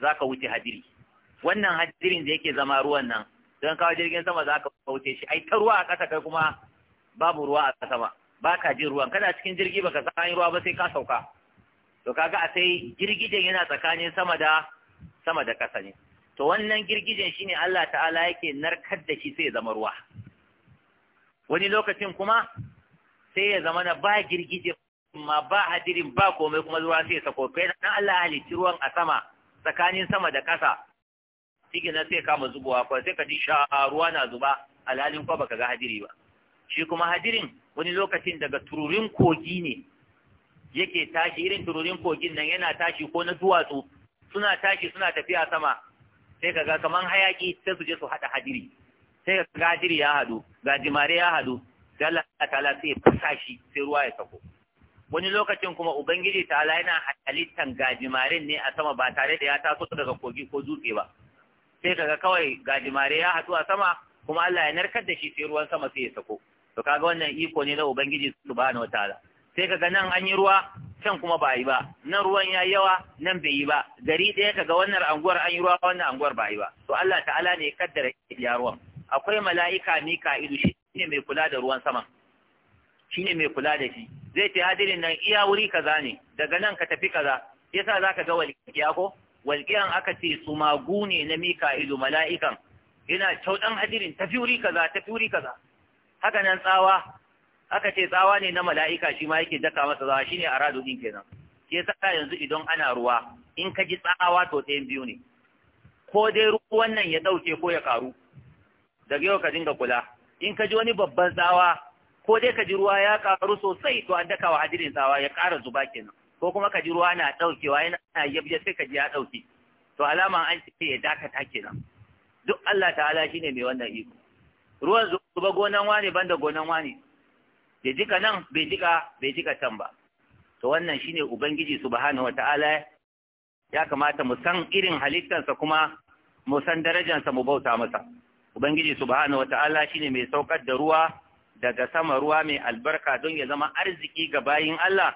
zaka wuce hadiri wannan hadirin da yake zama ruwan nan don kawo jirgin sama zaka wuce shi ai ta ruwa a ƙasa kai kuma babu ruwa a Ba baka jin ruwan kana cikin jirgi baka san ruwa ba sai ka sauka to kaga a sai girgijen yana tsakanin sama da sama da ƙasa ne to wannan girgijen shine Allah ta'ala yake narkar da shi sai ya zama ruwa wani lokacin kuma sai ya zama na ba girgije ma ba hadirin ba komai kuma ruwa sai ya sako kai na Allah ruwan a sama tsakanin sama da ƙasa shi na sai kama zubowa ko sai ka ji sha ruwa na zuba alhalin ko baka ga hadiri ba shi kuma hadirin wani lokacin daga tururin kogi ne yake tashi irin tururin kogin nan yana tashi ko na duwatsu suna tashi suna tafiya sama sai kaga kaman hayaki sai su je su hada hadiri sai ga hadiri ya hadu ga jimare ya hadu sai Allah ta'ala sai ya fasa shi sai ruwa ya sako wani lokacin kuma ubangiji ta'ala yana halittan gajimaren ne a sama ba tare da ya taso daga kogi ko dutse ba sai kaga kawai gajimare ya hadu a sama kuma Allah ya narkar da shi sai ruwan sama sai ya sako to kaga wannan iko ne na ubangiji subhanahu wataala sai ga nan an yi ruwa can kuma ba yi ba nan ruwan ya yawa nan bai yi ba gari ɗaya kaga wannan anguwar an yi ruwa wannan anguwar ba yi ba to Allah ta'ala ne ya kaddara ya ruwan akwai mala'ika Mika'ilu shi ne mai kula da ruwan sama shi ne mai kula da shi zai ce hadirin nan iya wuri kaza ne daga nan ka tafi kaza yasa zaka ga walƙiya ko walƙiyan aka ce su ne na Mika'ilu mala'ikan yana caudan hadirin tafi wuri kaza tafi wuri kaza haka nan tsawa aka ce tsawa ne na mala'ika shi ma yake daka masa tsawa shi ne din kenan ke saka yanzu idan ana ruwa in ka ji tsawa to ɗayan biyu ne ko dai ruwan nan ya ɗauke ko ya ƙaru daga yau ka dinga kula in ka ji wani babban tsawa ko dai ka ji ruwa ya ƙaru sosai to an daka wa hadirin tsawa ya ƙara zuba kenan ko kuma ka ji ruwa na ɗaukewa yana yabje sai ka ji ya ɗauke to alama an ce ya dakata kenan duk Allah ta'ala shine mai wannan iko ruwan zuba gonan wani banda gonan wani ya jika nan bai jika bai jika can ba to wannan shine ubangiji subhanahu wataala ya kamata mu san irin halittarsa kuma mu san darajarsa mu bauta masa ubangiji subhanahu wataala shine mai saukar da ruwa daga sama ruwa mai albarka don ya zama arziki ga bayin Allah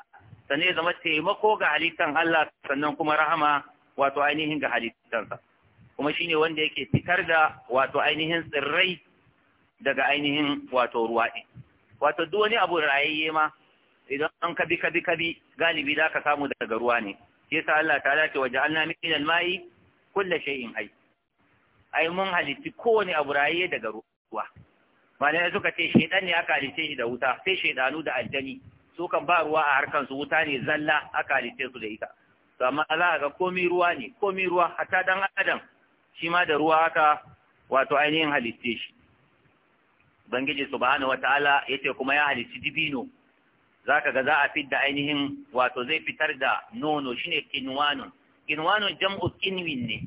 sannan ya zama taimako ga halittan Allah sannan kuma rahama wato ainihin ga halittansa kuma shine wanda yake fitar da wato ainihin tsirrai daga ainihin wato ruwa ɗin wato duk wani abu rayayye ma idan an kabi kabi kabi galibi za ka samu daga ruwa ne yasa Allah ta ce waje Allah min al-ma'i shay'in hayy ai mun halitti kowane abu rayayye daga ruwa malai suka ce shedan ne aka halitte shi da wuta sai shedanu da aljani su kan ba ruwa a harkan su wuta ne zalla aka halitte su da ita to amma za ga komai ruwa ne komai ruwa hatta dan adam shi ma da ruwa aka wato ainihin halitte shi Ubangiji subhanahu wataala yace kuma ya halici dibino zaka ga za a fidda ainihin wato zai fitar da nono shine kinwanun kinwanun jam'u kinwin ne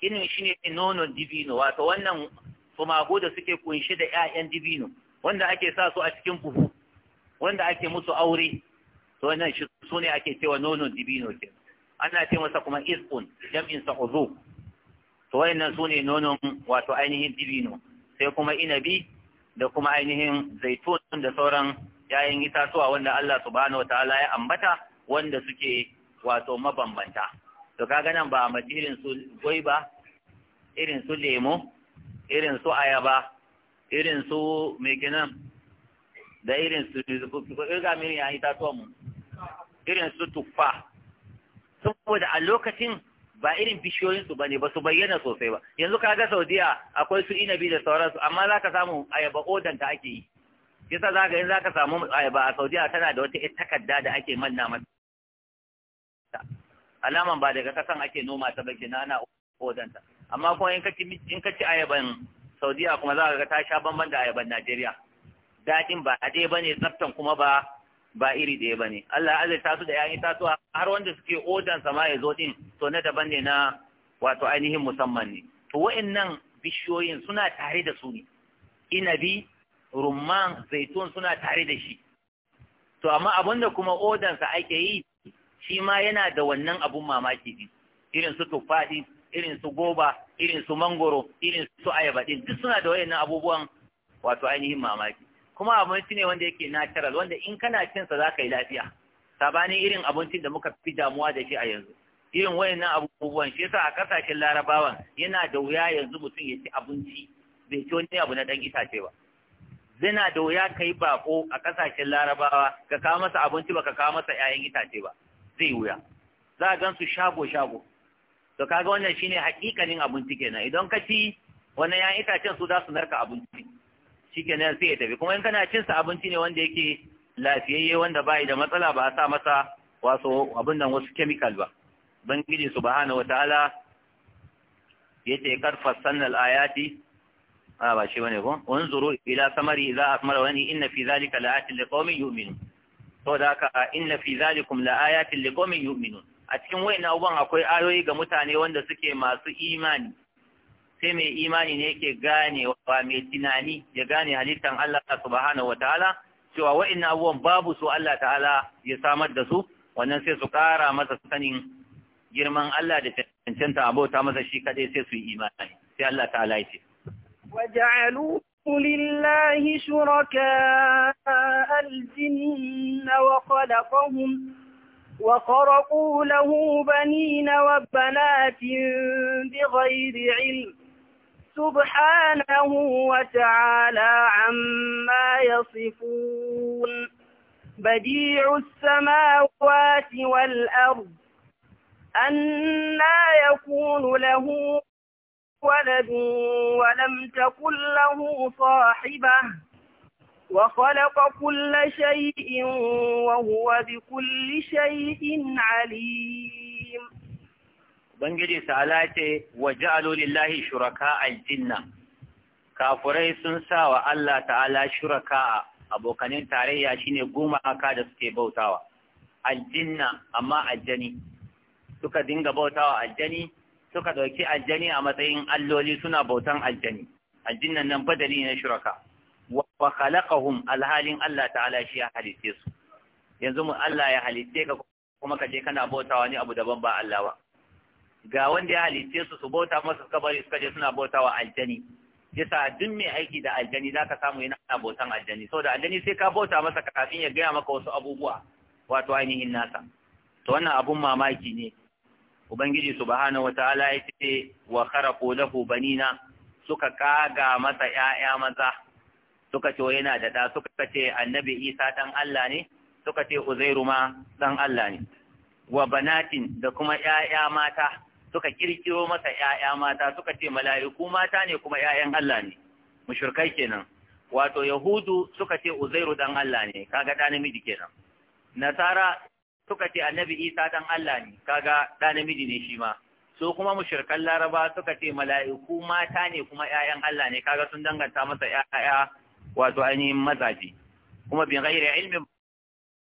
kinwin shine nonon dibino wato wannan tumago da suke kunshi da ƴaƴan dibino wanda ake sa su a cikin buhu wanda ake musu aure to wannan shi sune ake cewa nonon dibino ke ana ce masa kuma isqun jam'in sa uzu to wannan sune nonon wato ainihin dibino sai kuma inabi da kuma ainihin zaitun da sauran yayin itatuwa wanda Allah subhanahu wataala ya ambata wanda suke wato mabambanta to kaga nan ba mace irin su goiba irin su lemo irin su ayaba irin su mekinan da irin su irga mini ya itatuwa mu irin su tuffa saboda a lokacin ba irin bishiyoyin su ne ba su bayyana sosai ba yanzu kaga Saudiya akwai su inabi da sauransu amma zaka samu ayaba odan ta ake yi yasa zaka za zaka samu ayaba a Saudiya tana da wata takarda da ake manna mata alaman ba daga kasan ake noma ta bakin ana odan ta amma kuma in ka in ayaban Saudiya kuma zaka ga ta sha bamban da ayaban Najeriya dadin ba a dai bane tsaftan kuma ba ba iri ɗaya ba ne Allah ya azurta su da ‘ya'yan itatuwa har wanda suke odan sama ya zo ɗin to na daban ne na wato ainihin musamman ne to nan bishiyoyin suna tare da su ne inabi rumman zaitun suna tare da shi to amma abin da kuma odansa ake yi shi ma yana da wannan abun mamaki ɗin irin su tufaɗi irin su goba irin su mangoro irin su ayaba ɗin duk suna da wayannan abubuwan wato ainihin mamaki kuma abinci ne wanda yake natural wanda in kana cin sa zaka yi lafiya sabani irin abincin da muka fi damuwa da shi a yanzu irin wayannan abubuwan shi yasa a kasashen larabawan yana da wuya yanzu mutum ya ci abinci bai ci wani abu na dan itace ba zina da wuya kai bako a kasashen larabawa ka kawo masa abinci ba ka kawo masa 'ya'yan itace ba zai wuya za a gan su shago shago to kaga wannan shine hakikanin abinci kenan idan ka ci wannan 'ya'yan itacen su za su narka abinci shikenan sai ya tafi kuma in kana cin sa abinci ne wanda yake lafiyayye wanda bai da matsala ba a sa masa wasu abin nan wasu kemikal ba bangiji subhanahu wataala yace karfa sanal ayati a ba shi bane ko zuru, ila samari za a asmara wani inna fi zalika laatin liqaumin yu'minun to da haka inna fi zalikum laayatin liqaumin yu'minun a cikin wayannan abubuwan akwai ayoyi ga mutane wanda suke masu imani sai mai imani ne yake gane wa mai tunani ya gane halittan Allah subhanahu wataala cewa wa'annan abubuwan babu su Allah ta'ala ya samar da su wannan sai su ƙara masa sanin girman Allah da cancanta abota masa shi kaɗai sai su yi imani sai Allah ta'ala ya ce وجعلوا لله شركاء الجن وخلقهم وخرقوا له بنين وبنات بغير علم سبحانه وتعالى عما يصفون بديع السماوات والأرض أنا يكون له ولد ولم تكن له صاحبة وخلق كل شيء وهو بكل شيء عليم Bangiji ta'ala ce wa ja'alu shuraka aljinna kafurai sun sa wa Allah ta'ala shuraka abokanin tarayya shine gumaka da suke bautawa aljinna amma aljani suka dinga bautawa aljani suka dauki aljani a matsayin alloli suna bautan aljani aljinnan nan badali ne shuraka wa khalaqahum alhalin Allah ta'ala shi ya halitte su yanzu mu Allah ya halitte ka kuma ka je kana bautawa ne abu daban ba Allah ba ga wanda ya halitte su su bauta masa kabari suka je suna bauta wa aljani yasa duk mai aiki da aljani zaka samu yana bautan aljani da aljani sai ka bauta masa kafin ya gaya maka wasu abubuwa wato ainihin nasa to wannan abun mamaki ne ubangiji subhanahu wataala ya ce wa kharaqu lahu banina suka kaga masa ƴaƴa maza suka ce yana da da suka ce annabi Isa dan Allah ne suka ce Uzairu ma dan Allah ne wa banatin da kuma 'ya'ya mata suka kirkiro masa ‘ya'ya mata suka ce mala'iku mata ne kuma ‘ya'yan Allah ne, mushrikai kenan, wato Yahudu suka ce Uzairu dan Allah ne, kaga ɗa namiji kenan. Nasara suka ce annabi Isa dan Allah ne, kaga ɗa namiji ne shi ma. So kuma mushrikan Laraba suka ce mala'iku mata ne kuma ‘ya'yan Allah ne, kaga sun danganta masa ‘ya'ya wato ainihin mazaje. Kuma bin gairi ilmin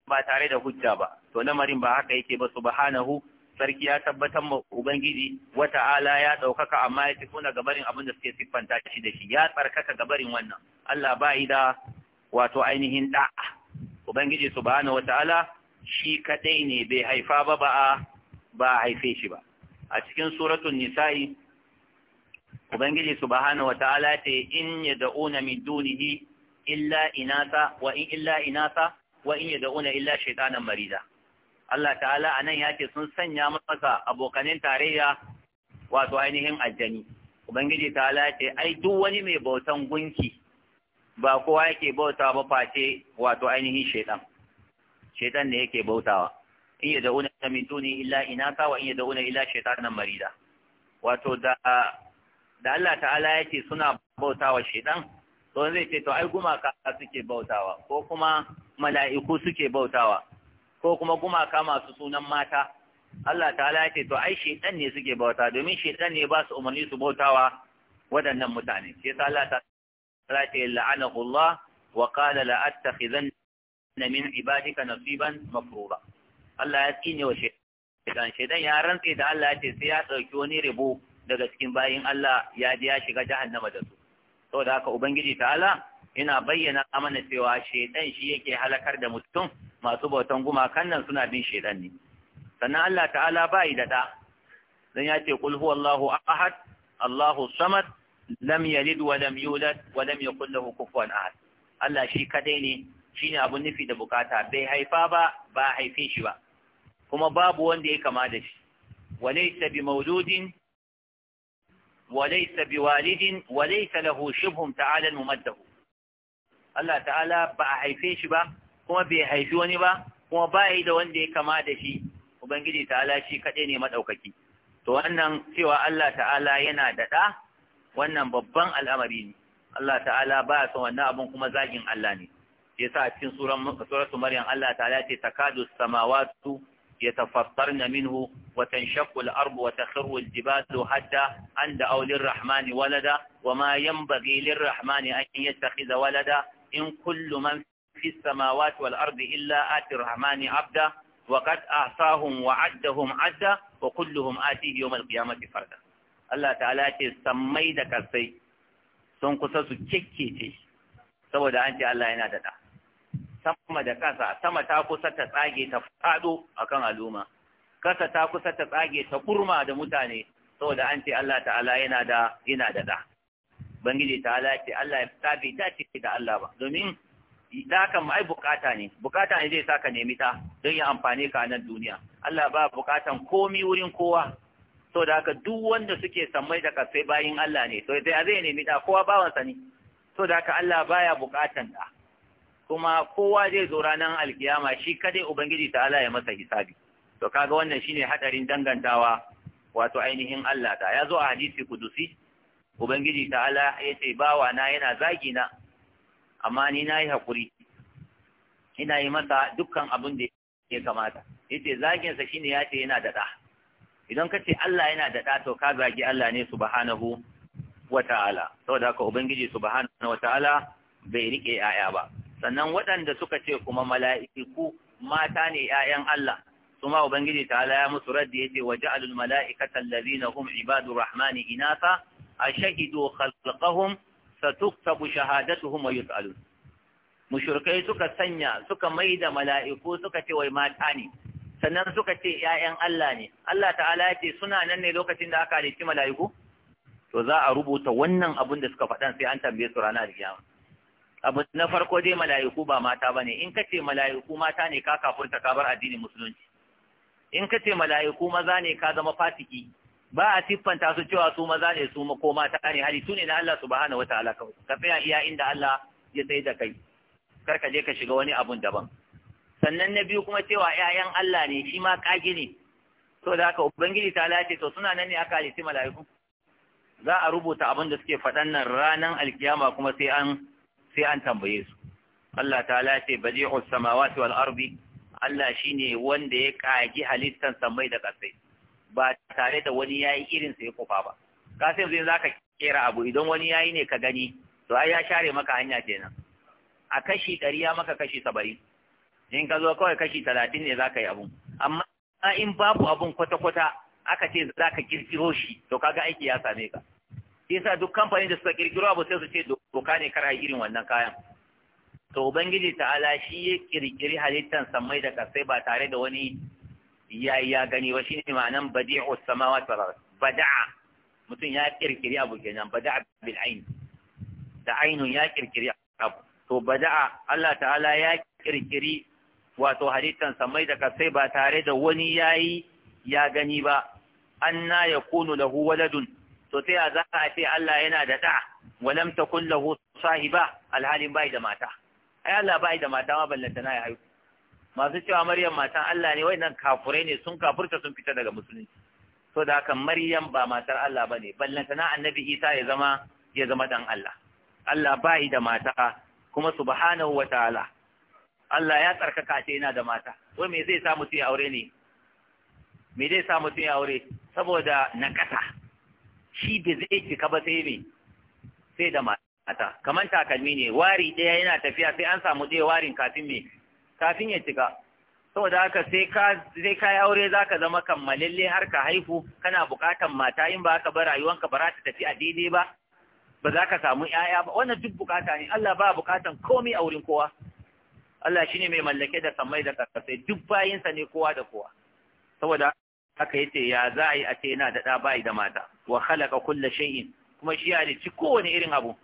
ba tare da hujja ba, to namarin ba haka yake ba subhanahu sarki ya tabbatar ma ubangiji wata ala ya ɗaukaka amma ya tafi na gabarin abin da suke siffanta shi da shi ya tsarkaka gabarin wannan Allah ba yi da wato ainihin ɗa ubangiji su subhanahu wata'ala shi kadai ne bai haifa ba ba ba haife shi ba a cikin suratun nisa'i ubangiji su subhanahu wata'ala ce in yad'una min dunihi illa inasa wa in illa inasa wa in ya dauna illa shaytanan marida Allah ta'ala a nan ya ce sun sanya masa abokanin tarayya wato ainihin aljani ubangiji ta'ala ya ce ai duk wani mai bautan gunki ba kowa yake bauta ba face wato ainihin shaitan shaitan ne yake bautawa in ya da'una min duni illa inaka wa in ya da'una illa nan marida wato da da Allah ta'ala ya ce suna bautawa shaitan to zai ce to ai gumaka suke bautawa ko kuma mala'iku suke bautawa ko kuma gumaka masu sunan mata Allah Ta ya ce to ai shedan ne suke bauta domin shedan ne ba su umarni su bautawa waɗannan mutane sai ta Allah ta'ala ce la'anahu wa qala la attakhidanna min ibadika nasiban mafruḍa Allah ya tsine wa shedan shedan ya rantse da Allah ya ce sai ya dauki wani rabo daga cikin bayin Allah ya ji ya shiga jahannama da su saboda haka ubangiji ta'ala yana bayyana amana cewa shedan shi yake halakar da mutum masu bautan gumakan nan suna bin shaidan ne sannan Allah ta'ala bai yi daɗa. dan ya ce qul huwallahu ahad Allahu samad lam yalid wa lam yulad wa lam yakul lahu kufuwan ahad Allah shi kadai ne shine abun nufi da bukata bai haifa ba ba haife shi ba kuma babu wanda ya kama da shi وليس walidin, وليس بوالد وليس له شبه تعالى الممده Allah Ta'ala ba a haife shi ba kuma bai haifi wani ba kuma ba yi da wanda ya kama da shi ubangiji ta'ala shi kaɗai ne maɗaukaki to wannan cewa Allah ta'ala yana da ɗa wannan babban al'amari ne Allah ta'ala ba son wannan abun kuma zagin Allah ne yasa a cikin suratul maryam Allah ta'ala ce takadu samawatu يتفطرن منه وتنشق الأرض وتخر الجبال حتى عند أو للرحمن ولدا وما ينبغي للرحمن أن يتخذ ولدا إن كل من في السماوات والأرض إلا آتي الرحمن عبدا وقد أعصاهم وعدهم عدا وكلهم آتيه يوم القيامة فردا الله ce سمي da kasai sun kusa su kekkece saboda an ce Allah yana da sama da kasa sama ta kusa ta tsage ta fado akan al'umma kasa ta kusa ta tsage ta kurma da mutane saboda an ce Allah ta'ala yana da yana da da bangiji ta'ala ce Allah ya tabi ta ce da Allah ba domin da ma ai bukata ne bukata ne zai saka nemi ta don ya amfane ka nan duniya Allah ba bukatan komi wurin kowa to da haka duk wanda suke sammai da kasai bayin Allah ne to sai zai nemi ta kowa bawan sa ne to da haka Allah baya bukatan da kuma kowa zai zo ranar alkiyama shi kadai ubangiji ta Allah ya masa hisabi to kaga wannan shine hadarin dangantawa wato ainihin Allah ta ya zo a hadisi kudusi ubangiji ta Allah ya ce bawa na yana zagi na amma ni na yi haƙuri ina yi masa dukkan abin da ya kamata ya ce zaginsa shi ne ya ce yana da ɗa idan ka ce Allah yana da ɗa to ka zagi Allah ne subhanahu wa ta'ala saboda haka ubangiji subhanahu wa ta'ala bai rike ‘ya'ya ba sannan waɗanda suka ce kuma mala'iku mata ne ‘ya'yan Allah su ma ubangiji ta'ala ya musu raddi ya ce wa ja'alul mala'ikatan lazina hum ibadu rahmani inasa a shahidu khalqahum satuktabu shahadatuhum wa yus'alun mushrikai suka sanya suka maida mala'iku suka ce wai mata ne sannan suka ce ‘ya'yan Allah ne, Allah ta'ala ya ce suna nan ne lokacin da aka halitti mala'iku? To za a rubuta wannan abin da suka faɗan sai an tambaye su rana da kiyama. Abu na farko dai mala'iku ba mata ba ne, in ka ce mala'iku mata ne ka kafurta ka bar addinin musulunci. In ka ce mala'iku maza ne ka zama fasiki, ba a siffanta su cewa su maza ne su ko mata ne halittu ne na Allah subhanahu wataala kawai ka tsaya iya inda Allah ya tsaye da kai kar ka je ka shiga wani abun daban sannan na biyu kuma cewa 'ya'yan Allah ne shi ma kage ne to da haka ubangiji ta lati to suna nan ne aka halitti mala'iku za a rubuta abin da suke faɗan nan ranar alkiyama kuma sai an sai an tambaye su Allah ta lati badi'us samawati wal ardi Allah shine wanda ya kagi halittan samai da ƙasai ba tare da wani yayi irin sa ya kofa ba ka sai yanzu zaka kera abu idan wani yayi ne ka gani to ai ya share maka hanya kenan a kashi ɗari ya maka kashi saba'in in ka zo kawai kashi talatin ne zaka yi abun amma in babu abun kwata-kwata aka ce za ka kirkiro shi to kaga aiki ya same ka sa duk kamfanin da suka kirkiro abu sai su ce doka ne kar irin wannan kayan to ubangiji ta'ala shi ya kirkiri halittan samai da kasai ba tare da wani ya ya gani wa shine ma'anan badi'u samawati wal ard bada'a mutum ya kirkiri abu kenan bada'a bil ayn da ainun ya kirkiri abu to bada'a Allah ta'ala ya kirkiri wato halittar samai da kasai ba tare da wani yayi ya gani ba anna yakunu lahu waladun to sai za a ce Allah yana da da walam takun lahu sahiba alhalin bai da mata ai Allah bai da mata ma ballanta na ya haihu masu cewa maryam matan Allah ne wayannan kafurai ne sun kafurta sun fita daga musulunci so da haka maryam ba matar Allah bane sana annabi Isa ya zama ya zama dan Allah Allah bai da mata kuma subhanahu wataala Allah ya tsarkaka ce yana da mata wai me zai sa mutum ya aure ne me zai sa mutum ya aure saboda nakasa shi be zai cika ba sai me sai da mata kamar takalmi ne wari ɗaya yana tafiya sai an samu ɗaya warin kafin me kafin ya cika saboda haka sai ka sai ka yi aure za ka zama kammalalle har ka haifu kana bukatan mata in ba ka bar rayuwanka ba za ta tafi a daidai ba ba za ka samu ƴaƴa ba wannan duk buƙata ne Allah ba bukatan komai a wurin kowa Allah shi ne mai mallake da sammai da ƙasa duk bayinsa ne kowa da kowa saboda haka yace ya za a yi a ce yana da ɗa bai da mata wa khalaqa kulla shay'in kuma shi ya halicci kowane irin abu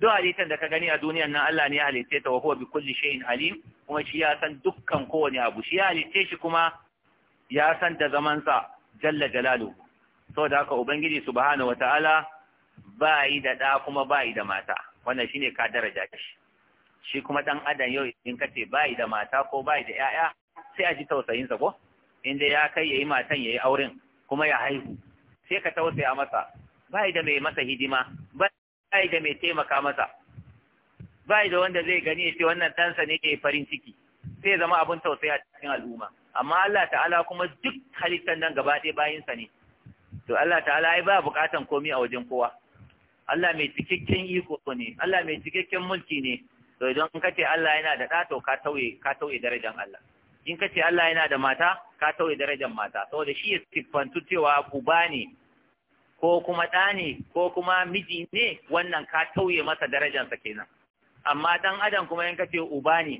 duk halittar da ka gani a duniyar nan Allah ne ya halicce ta wa huwa bi kulli shay'in alim kuma shi ya san dukkan kowane abu shi ya halitte shi kuma ya san da zamansa jalla jalalu da haka ubangiji subhanahu wataala ba yi da ɗa kuma ba yi da mata wannan shine ka daraja shi shi kuma ɗan adam yau in ka ce ba yi da mata ko ba yi da 'ya'ya sai a ji tausayin sa ko inda ya kai yayi matan yayi auren kuma ya haihu sai ka tausaya masa Ba yi da mai masa hidima ba yi da mai taimaka masa ba da wanda zai gani ya ce wannan ɗansa ne ke farin ciki sai zama abin tausayi a cikin al'umma amma Allah ta'ala kuma duk halittar nan gaba ɗaya bayinsa ne to Allah ta'ala ai ba buƙatan komai a wajen kowa Allah mai cikakken iko ne Allah mai cikakken mulki ne to idan ka ce Allah yana da ɗa to ka tauye ka tauye darajar Allah in ka Allah yana da mata ka tauye darajar mata saboda shi ya siffantu cewa uba ne ko kuma ɗa ne ko kuma miji ne wannan ka tauye masa darajarsa kenan amma dan adam kuma in kace uba ne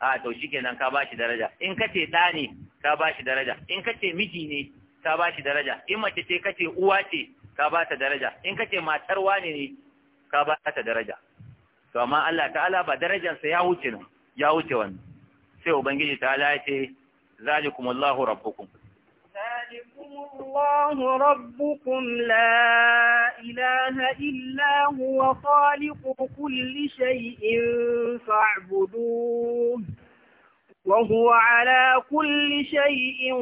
a to shikenan ka bashi daraja in kace da ne ka bashi daraja in kace miji ne ka bashi daraja in mace ce kace uwa ce ka ba ta daraja in kace matar wane ne ka ba ta daraja to amma Allah ta'ala ba darajarsa ya wuce nan ya wuce wannan sai ubangiji ta'ala ya ce zalikumullahu rabbukum ذلكم الله ربكم لا إله إلا هو خالق كل شيء فاعبدوه وهو على كل شيء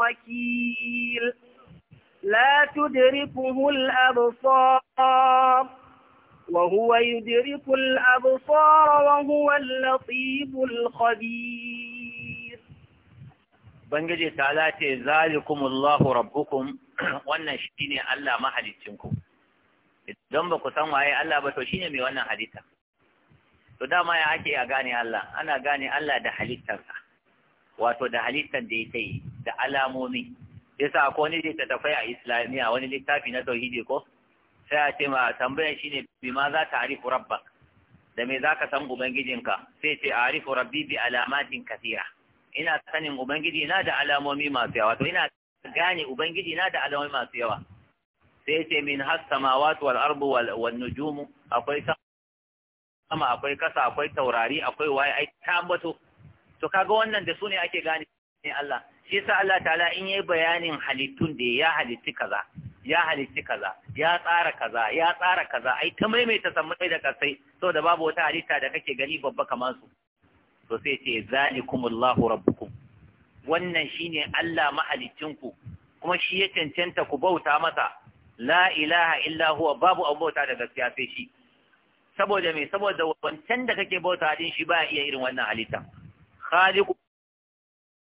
وكيل لا تدركه الأبصار وهو يدرك الأبصار وهو اللطيف الخبير ubangiji ta zace zalikumullahu rabbukum wannan shine Allah mahalicinku idan ba ku san waye Allah ba to shine mai wannan halitta to dama ya ake a gane Allah ana gane Allah da halittarsa wato da halittar da ya yi da alamomi yasa ko ne da tafai a islamiya wani littafi na tauhidi ko sai a ce ma tambayar shine bima za ta arifu rabbak da me zaka san ubangijinka sai ce arifu rabbi bi alamatin kathira ina sanin ubangiji na da alamomi masu yawa to ina gane ubangiji na da alamomi masu yawa sai ce min has samawati wal ardu wal nujumu akwai sama akwai kasa akwai taurari akwai waye ai tambato to kaga wannan da su ne ake gane ne Allah shi sa Allah ta'ala in yayi bayanin halittun da ya halitti kaza ya halitti kaza ya tsara kaza ya tsara kaza ai ta maimaita sammai da kasai saboda babu wata halitta da kake gani babba kamar su to sai ce zalikumullahu rabbukum wannan shine Allah mahaliccinku kuma shi ya cancanta ku bauta masa la ilaha illa huwa babu abu bauta da gaskiya sai shi saboda me saboda wancan da kake bauta din shi ba iya irin wannan halitta khaliqu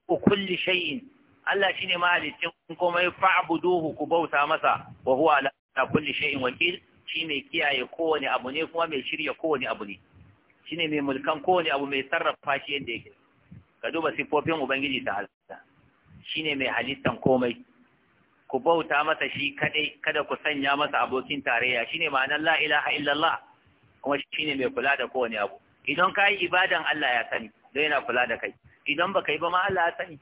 kulli shay'in Allah shine mahaliccin komai fa'buduhu ku bauta masa wa huwa ala kulli shay'in wakil shi mai kiyaye kowane abu ne kuma mai shirya kowane abu ne shine mai mulkan kowane abu mai sarrafa shi yadda yake ka duba siffofin ubangiji ta halitta shine mai halittan komai ku bauta masa shi kadai kada ku sanya masa abokin tarayya shine ma'anar la ilaha illallah kuma shine mai kula da kowane abu idan ka yi ibadan Allah ya sani don yana kula da kai idan baka yi ba ma Allah ya sani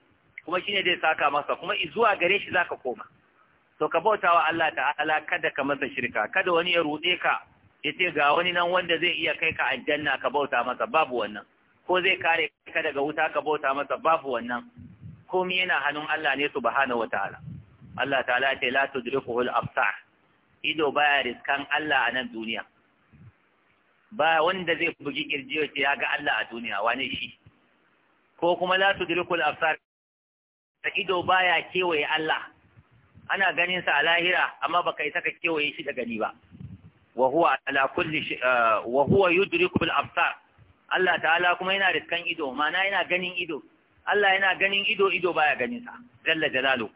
kuma shine zai saka masa kuma zuwa gare shi zaka koma to ka bauta wa Allah ta'ala kada ka masa shirka kada wani ya rude ka yace ga wani nan wanda zai iya kai ka aljanna ka bauta masa babu wannan ko zai kare ka daga wuta ka bauta masa babu wannan komai yana hannun Allah ne subhanahu wataala Allah ta'ala ce la tudrikuhu al-absar ido baya riskan Allah a nan duniya ba wanda zai bugi kirji ya ga Allah a duniya wane shi ko kuma la al absar ido baya kewaye Allah ana ganin sa a lahira amma baka isa ka kewaye shi da gani ba wa huwa ala eh, wa huwa yudrikul Allah ta'ala kuma yana riskan ido mana yana ganin ido Allah yana ganin ido ido baya ganin sa jalla jalalu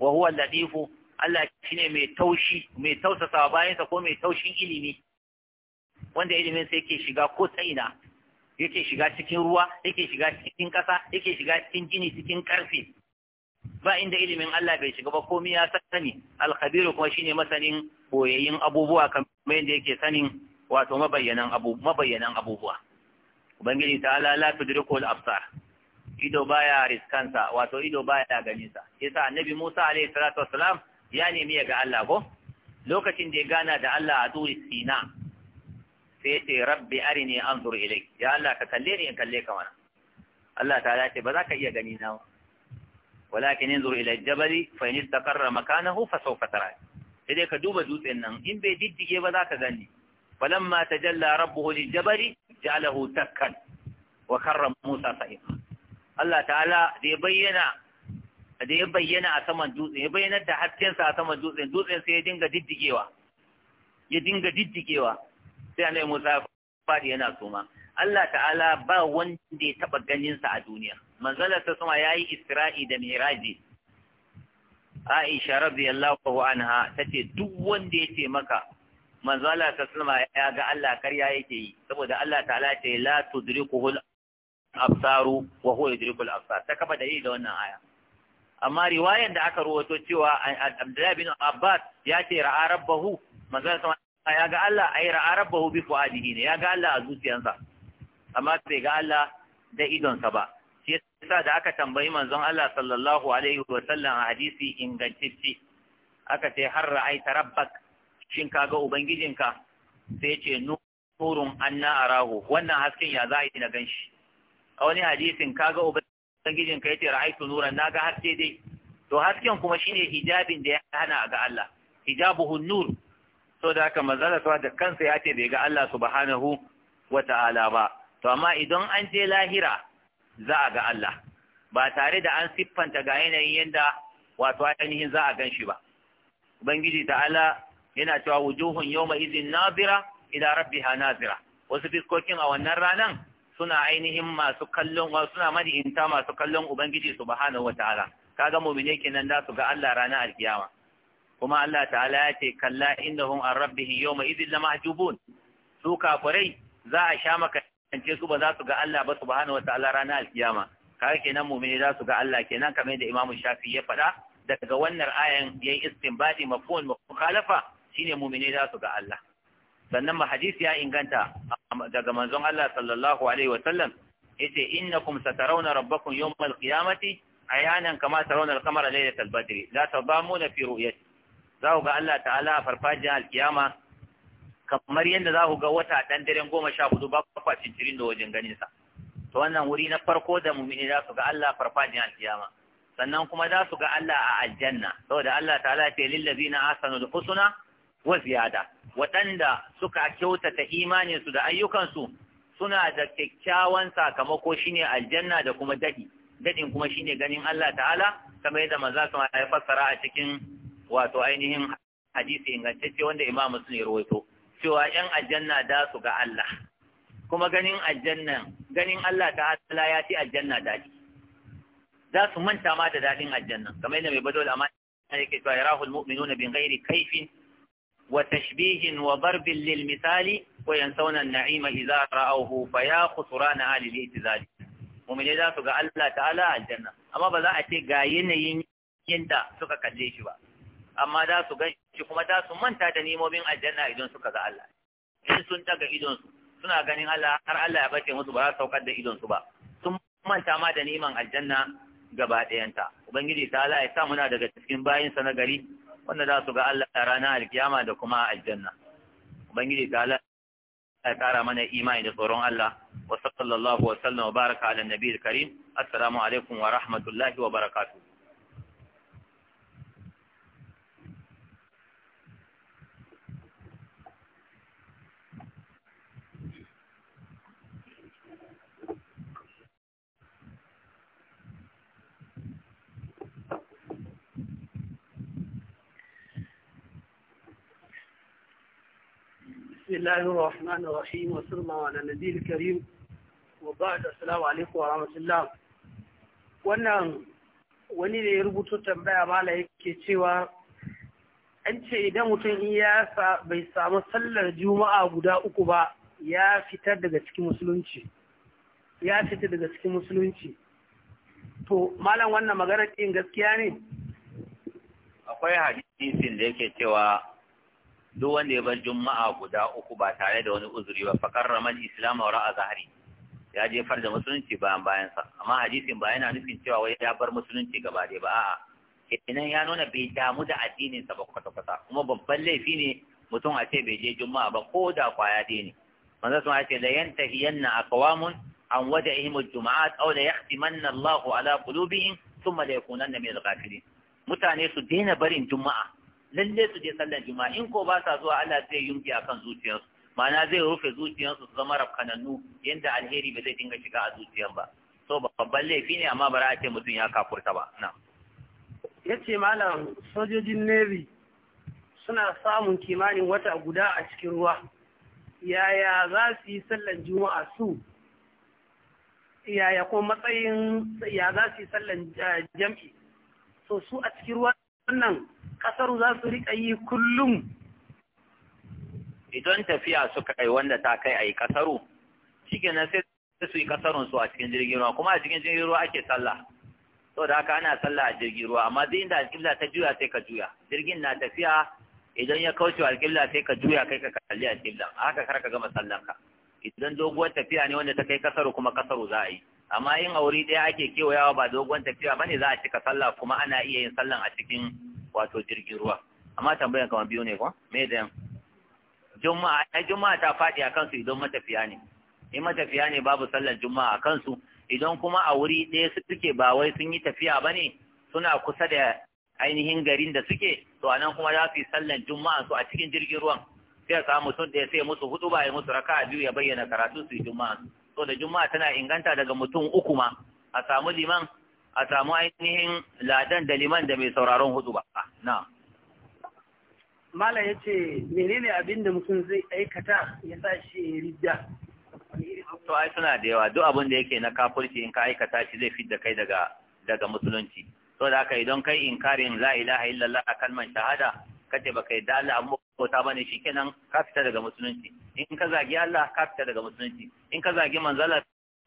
wa huwa latifu Allah shine mai taushi mai tausasa bayansa ko mai taushin ilimi wanda ilimin sai yake shiga ko ta ina yake shiga cikin ruwa yake shiga cikin ƙasa yake shiga cikin gini cikin ƙarfe ba inda ilimin Allah bai shiga ba komai ya sani al-khabiru kuma shine masanin koyayyin abubuwa kamar yadda yake sanin wato mabayyanan abu mabayyanan abubuwa ubangiji ta ala la tudrikul absar ido baya riskansa wato ido baya ganinsa yasa annabi Musa alaihi salatu wassalam ya nemi ya ga Allah ko lokacin da ya gana da Allah a duri Sina sai ya ce rabbi arini anzur ilai ya Allah ka kalle ni in kalle ka mana Allah ta ce ba za ka iya gani na walakin yanzur ila jabali fa in istaqarra makanahu fa sawfa tarani sai dai ka duba dutsen nan in bai diddige ba za ka gani falamma tajalla rabbuhu lijabari ja'alahu takkan wa karram Musa sa'ifa Allah ta'ala da ya bayyana da ya bayyana a saman dutsen ya bayyana da hasken sa a saman dutsen dutsen sai ya dinga diddigewa ya dinga diddigewa sai Annabi Musa ya fadi yana suma Allah ta'ala ba wanda ya taba ganin sa a duniya manzalar ta sama yayi Isra'i da Miraji Aisha radiyallahu anha tace duk wanda ce maka manzo Allah sallama ya ga Allah karya yake yi saboda Allah ta'ala ce la tudrikuhu al-absaru wa huwa yudriku al-absar ta kafa da yi da wannan aya amma riwayar da aka rawaito cewa Abdullah bin Abbas ya ce ra'a rabbahu manzo Allah ya ga Allah ai ra'a rabbahu bi fuadihi ne ya ga Allah a zuciyarsa amma bai ga Allah da idonsa ba sa da aka tambayi manzon Allah sallallahu alaihi wa sallam a hadisi ingantacce aka ce har ra'aita rabbak shin kaga ubangijinka sai ce nurun anna arahu wannan hasken ya za a yi na ganshi a wani hadisin kaga ubangijinka yace ra'aitu nuran naga haske dai to hasken kuma shine hijabin da ya hana ga Allah hijabuhu nur so da aka manzon to da kansa ya ce bai ga Allah subhanahu wa ta'ala ba to amma idan an je lahira za a ga Allah ba tare da an siffanta ga yanayin yadda wato ainihin za a gan shi ba ubangiji ta'ala yana cewa wujuhun yawma izin nazira ila rabbiha nazira wasu fiskokin a wannan ranan suna ainihin masu kallon wa suna madihinta masu kallon ubangiji subhanahu wataala kaga mu'mine kenan da su ga Allah ranar alkiyama kuma Allah ta'ala ya ce kalla innahum an rabbihim yawma idhin lamahjubun su kafirai za a sha maka kasance su ba za su ga Allah ba subhanahu wataala ranar alkiyama kaga kenan mu'mini za su ga Allah kenan kamar yadda Imam Shafi ya faɗa daga wannan ayan yayi istinbadi mafhum mukhalafa shine mu'mini za su ga Allah sannan hadisi ya inganta daga manzon Allah sallallahu alaihi wasallam yace innakum satarawna rabbakum yawmal qiyamati ayanan kama tarawna al-qamara laylatal badri la tadamuna fi ru'yati za ku ga Allah ta'ala farfajin alkiyama kamar yadda za ku ga wata ɗan daren goma sha hudu ba kwa cincirin da wajen ganin sa, to wannan wuri na farko da mumini za su ga Allah farfajin alkiyama sannan kuma za su ga Allah a aljanna saboda Allah ta'ala ce lillazina ahsanul husna wa ziyada waɗanda suka kyautata imanin su da ayyukansu suna da kyakkyawan sakamako shine aljanna da kuma dadi dadin kuma shine ganin Allah ta'ala kamar yadda manzo su ya fassara a cikin wato ainihin hadisi ingantacce wanda Imam Muslim ya rawaito cewa ‘yan aljanna da su ga Allah, kuma ganin aljanna, ganin Allah ta hasala ya fi aljanna daɗi. Za su manta ma da daɗin aljanna, kamar yadda mai da amma yake cewa yarahul mu'minuna bin ghairi kaifin wa tashbihin wa barbin lil misali wa yansawna an-na'ima idza ra'awhu fa ya khusrana ahli al-i'tizali. za su ga Allah ta'ala aljanna, amma ba za a ce ga yanayin yanda suka kalle shi ba. amma da su gan shi kuma da su manta da nimomin aljanna idan suka ga Allah in sun daga idon su suna ganin Allah har Allah ya bace musu ba za su saukar da idon su ba sun manta ma da niman aljanna gaba ɗayanta ubangiji ta Allah ya sa muna daga cikin bayin sa na gari wanda za su ga Allah ranar alkiyama da kuma aljanna ubangiji ta Allah ya ƙara mana imani da tsoron Allah wa sallallahu wa sallam wa baraka ala nabiyil karim assalamu alaikum wa rahmatullahi wa barakatuh بسم الله الرحمن الرحيم وصلى الله على النبي الكريم وبعد السلام عليكم ورحمة الله wannan wani da ya rubuto tambaya mala yake cewa an ce idan mutum ya bai samu sallar juma'a guda uku ba ya fitar daga cikin musulunci ya fitar daga cikin musulunci to malam wannan maganar ɗin gaskiya ne akwai hadisin da yake cewa duk wanda ya bar juma'a guda uku ba tare da wani uzuri ba fakar ramal islam wa ra'a zahari ya jefar da musulunci bayan bayan sa amma hadisin ba yana nufin cewa wai ya bar musulunci gaba dai ba a'a kenan ya nuna bai damu da addinin sa ba kwata kwata kuma babban laifi ne mutum a ce bai je juma'a ba ko da kwaya dai ne manzo sun ce la yantahiyanna aqwamun an wada'ihim al-juma'at aw la yahtimanna Allahu ala qulubihim thumma la yakunanna min al mutane su daina barin juma'a lalle su je sallar juma'a in ko ba sa zuwa Allah zai yunki akan zuciyarsu ma'ana zai rufe zuciyarsu su zama rafkanannu yanda alheri ba zai dinga shiga a zuciyar ba so babban laifi ne amma bara a ce mutum ya kafurta ba na yace malam sojojin navy suna samun kimanin wata guda a cikin ruwa yaya za su yi sallar juma'a su yaya ko matsayin ya za su yi sallar eh, jam'i so su a cikin ruwa wannan kasar za su riƙa yi kullum idan tafiya suka yi wanda ta kai a yi ƙasaru shi na sai su yi ƙasarunsu a cikin jirgin ruwa kuma a cikin jirgin ruwa ake sallah to da haka ana sallah a jirgin ruwa amma zai inda alƙibla ta juya sai ka juya jirgin na tafiya idan ya kauce wa alƙibla sai ka juya kai ka kalli alƙibla a haka kar ka gama sallanka idan doguwar tafiya ne wanda ta kai ƙasaru kuma ƙasaru za a yi amma yin aure ɗaya ake kewayawa ba doguwar tafiya ba ne za a cika sallah kuma ana iya yin sallan a cikin wato jirgin ruwa amma tambayan kamar biyu ne kuwa me da yan juma'a ai juma'a ta faɗi a kansu idan matafiya ne in matafiya ne babu sallar juma'a a kansu idan kuma a wuri ɗaya suke ba wai sun yi tafiya ba ne suna kusa da ainihin garin da suke to anan kuma za su yi sallar juma'a su a cikin jirgin ruwan sai a samu mutum ɗaya sai musu hudu ba ya musu raka biyu ya bayyana karatu su yi juma'a to da juma'a tana inganta daga mutum uku ma a samu liman a samu ainihin ladan da liman da mai sauraron hudu ba na mala ya ce menene abin da mutum zai aikata ya sa shi ridda to ai suna da yawa duk abin da yake na kafurci in ka aikata shi zai da kai daga daga musulunci to da yi idan kai inkarin la ilaha illallah a kalman shahada ka ce baka yi da Allah amma bauta bane shikenan ka fita daga musulunci in ka zagi Allah ka fita daga musulunci in ka zagi manzala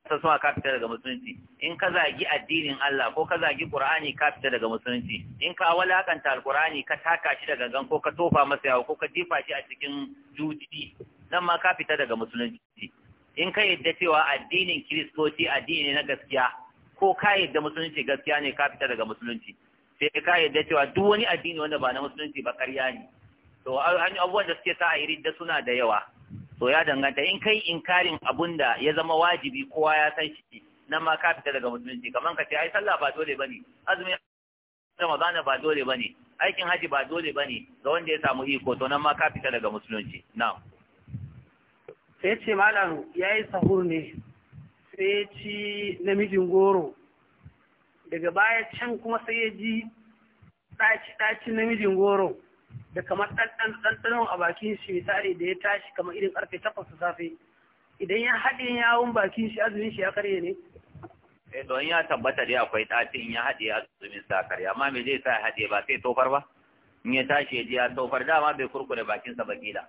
ta suma ka fita daga musulunci in ka zagi addinin Allah ko ka zagi Qur'ani ka fita daga musulunci in ka walakanta alqur'ani ka taka shi daga gangan ko ka tofa masa yawo ko ka jefa shi a cikin juji nan ma ka fita daga musulunci in ka yadda cewa addinin kiristoci addini na gaskiya ko ka yadda musulunci gaskiya ne ka fita daga musulunci sai ka yadda cewa duk wani addini wanda ba na musulunci ba ƙarya ne to abubuwan da suke sa a yi da suna da yawa to ya danganta in kai inkarin abun da ya zama wajibi kowa ya san shi nan ma ka fita daga musulunci kamar ka ce ai sallah ba dole bane azumi ramadan ba dole bane aikin haji ba dole bane ga wanda ya samu iko to nan ma ka fita daga musulunci na'am sai ce malam yayi sahur ne sai ci namijin goro daga baya can kuma sai ya ji ɗaci ɗaci namijin goro da kamar ɗanɗanon a bakin shi misali da ya tashi kamar irin ƙarfe takwas da safe idan ya haɗe yawon bakin shi azumin shi ya karye ne? Eh don ya tabbata dai akwai ɗafin ya haɗe azumin sa karye amma me zai sa haɗe ba sai tofar ba? In ya tashi ya ji ya tofar dama bai kurkure bakin sa bakila.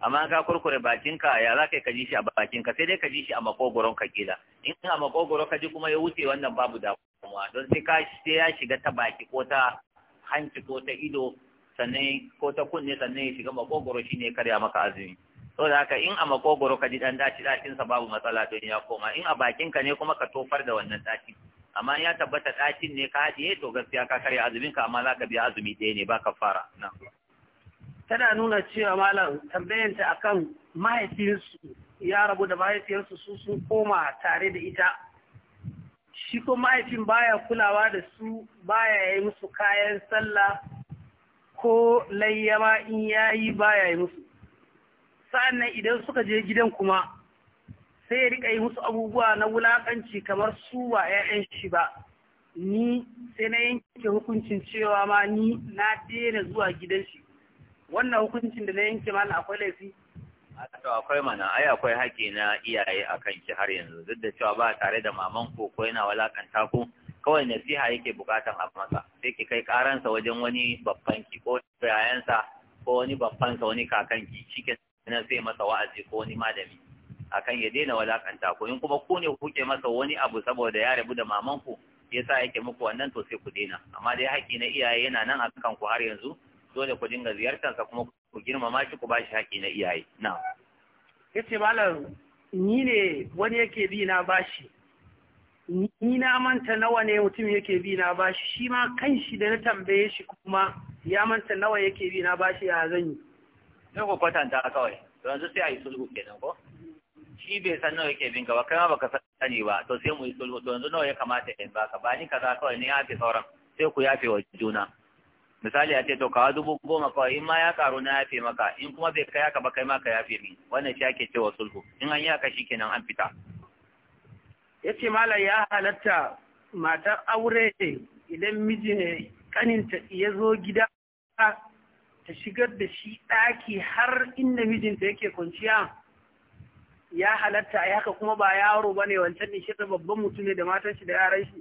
Amma ka kurkure bakin ka ya za ka ji shi a bakin ka sai dai ka ji shi a makogoron ka kila. In a makogoro ka ji kuma ya wuce wannan babu damuwa don sai ka sai ya shiga ta baki ko ta hanci ko ta ido sannan ko ta kunne sannan ya shiga makogoro shine karya maka azumi saboda haka in a makogoro ka ji dan daci dakin sa babu matsala to ya koma in a bakin ka ne kuma ka tofar da wannan daci amma ya tabbata dakin ne ka haɗiye to gaskiya ka karya azumin ka amma zaka biya azumi ɗaya ne ba kafara na tana nuna cewa malam tambayan ta akan mahaifinsu ya rabu da mahaifiyarsu su sun koma tare da ita shi ko mahaifin baya kulawa da su baya yi musu kayan sallah ko layyama in ya ba baya yi musu sa'annan idan suka je gidan kuma sai ya riƙa yi musu abubuwa na wulaƙanci kamar su ba 'ya'yan shi ba ni sai na yanke hukuncin cewa ma ni na daina zuwa gidan shi wannan hukuncin da na yanke mana akwai laifi to akwai mana ai akwai haƙƙi na iyaye akan ki har yanzu duk da cewa ba tare da maman ko ko yana walakanta ku kawai nasiha yake bukatan a masa sai ki kai karansa wajen wani babban ki ko yayansa ko wani babban sa wani kakan ki shike nan sai masa wa'azi ko wani malami akan ya daina walakanta ko in kuma ku ne kuke masa wani abu saboda ya rabu da maman ku yasa yake muku wannan to sai ku daina amma dai haƙƙi na iyaye yana nan akan ku har yanzu dole ku dinga ziyartarsa kuma ku girmama shi ku bashi haƙƙi na iyaye na yace malam ni ne wani yake bi na bashi ni na manta nawa ne mutum yake bi na bashi shi ma kanshi da na tambaye shi kuma ya manta nawa yake bi na bashi ya zan yi sai ku kwatanta a kawai yanzu sai a yi sulhu kenan ko shi bai san nawa yake bin gaba kai ma baka sani ba to sai mu yi sulhu to yanzu nawa ya kamata in ka? ba ni kaza kawai ne ya fi sauran sai ku yafe wa juna misali a ce to kawo dubu goma kawai in ma ya karu na yafe maka in kuma bai kai haka ba kai ma ka yafe ni wannan shi ake cewa sulhu in an yi haka shi kenan an fita ya ce malam ya halatta matar aure idan miji ne kaninta ya zo gida ta shigar da shi ɗaki har inda mijinta yake kwanciya ya halatta a haka kuma ba yaro ba ne wancan ne shirin babban mutum ne da matan shi da yaran shi.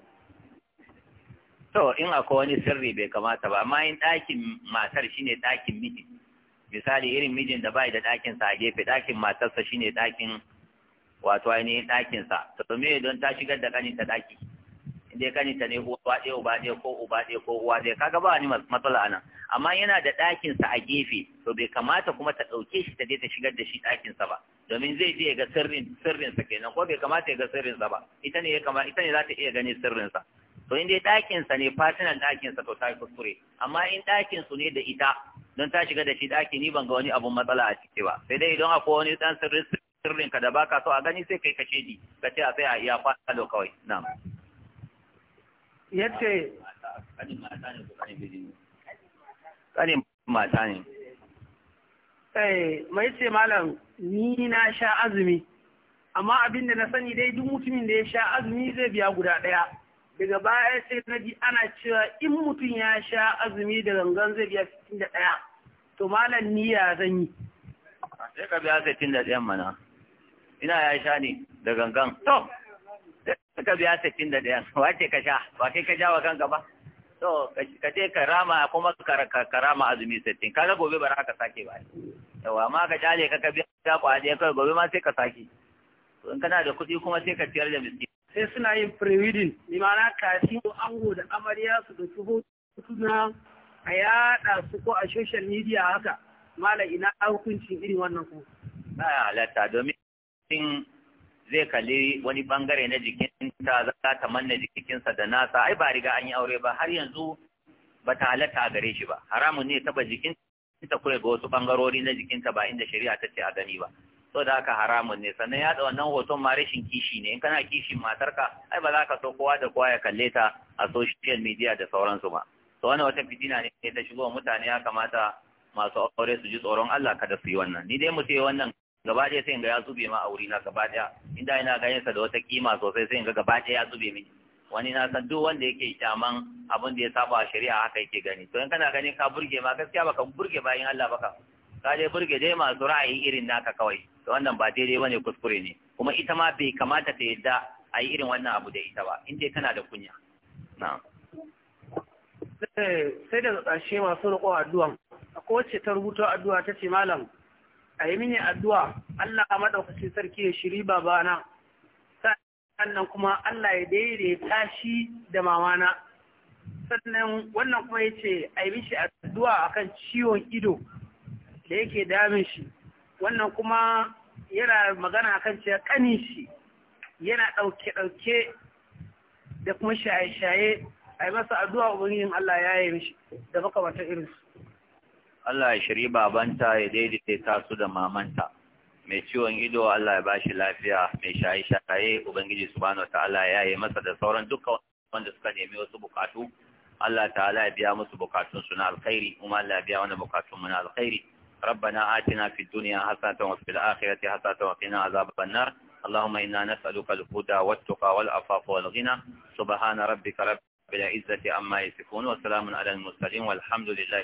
To in akwai wani sirri bai kamata ba amma in ɗakin matar ne ɗakin miji misali irin mijin da bai da ɗakin sa a gefe ɗakin matarsa shine ɗakin wato ainihin ɗakinsa to me don ta shigar da kaninta ɗaki inda kaninta ne uwa ɗaya uba ɗaya ko uba ɗaya ko uwa ɗaya kaga ba ni matsala a nan amma yana da ɗakinsa a gefe to bai kamata kuma ta ɗauke shi ta je ta shigar da shi ɗakinsa ba domin zai je ga sirrin sirrinsa kenan ko bai kamata ya ga sirrinsa ba ita ne ya kama ita ne za ta iya ganin sirrinsa to in dai ɗakinsa ne fatinan ɗakinsa to ta yi kuskure amma in ɗakinsu ne da ita don ta shiga da shi ɗaki ni ban ga wani abun matsala a ciki ba sai dai idan akwai wani ɗan sirri sirrin ka da baka so a gani sai kai kace ni ka ce a sai a iya fata lo kawai na'am yace kanin mata ne eh mai ce malam ni na sha azumi amma abin da na sani dai duk mutumin da ya sha azumi zai biya guda ɗaya daga baya sai na ji ana cewa in mutum ya sha azumi da gangan zai biya sittin da ɗaya to malam ni ya zan yi sai ka biya sittin da ɗayan mana ina ya sha ne da gangan to suka biya sittin da ɗaya wace ka sha ba kai ka ja wa kanka ba to ka je ka rama kuma ka rama azumi sittin kaga gobe ba za ka sake ba yawa amma ka jale ka ka biya ta kwaje kai gobe ma sai ka sake in kana da kuɗi kuma sai ka ciyar da miski sai suna yin pre-wedding bi ma'ana kafin ango da amarya su da suna a yaɗa su ko a social media haka mala ina hukuncin irin wannan ko ya halatta domin in zai kalli wani bangare na jikinta za ta manna jikinsa da nasa ai ba riga an yi aure ba har yanzu ba ta halatta a gare shi ba haramun ne taba jikinta ko ga wasu bangarori na jikinta ba inda shari'a ta ce a gani ba so da haka haramun ne sannan ya da wannan hoton ma rashin kishi ne in kana kishin matarka ai ba za ka so kowa da kowa ya kalle ta a social media da sauransu ba to wannan wata fitina ne ta shigo mutane ya kamata masu aure su ji tsoron Allah kada su yi wannan ni dai mu sai wannan gaba ɗaya sai in ga ya zube ma a wuri na gaba ɗaya inda ina ganin sa da wata kima sosai sai in ga gaba ɗaya ya zube mini wani na san duk wanda yake kyaman abin da ya saba shari'a haka yake gani to in kana ganin ka burge ma gaskiya baka burge bayan Allah baka ka dai burge dai masu ra'ayi irin naka kawai to wannan ba daidai bane kuskure ne kuma ita ma bai kamata ta yadda a yi irin wannan abu da ita ba in dai kana da kunya na eh, sai daga ƙarshe masu roƙon addu'a akwai wacce ta rubuta addu'a ta ce malam a yi mini addu'a Allah maɗaukacin sarki ya shiri babana sannan kuma Allah ya daidaita shi da mamana sannan wannan kuma ya ce a yi mishi addu'a a kan ciwon ido da yake damin shi wannan kuma yana magana a kan cewa ƙanin shi yana ɗauke-ɗauke da kuma shaye-shaye a yi masa addu'a yin Allah ya yi mishi da makamata irinsu Allah ya shiri babanta ya daidaita su da mamanta mai ciwon ido Allah ya bashi lafiya mai shaye-shaye ubangiji subhanahu ta'ala ya yi masa da sauran duka wanda suka nemi wasu bukatu Allah ta'ala ya biya musu bukatun su na alkhairi kuma Allah ya biya wani bukatun mu na alkhairi ربنا آتنا في الدنيا حسنة وفي الآخرة حسنة وقنا عذاب النار اللهم إنا نسألك الهدى والتقى والعفاف والغنى سبحان ربك رب العزة عما يصفون وسلام على المرسلين والحمد لله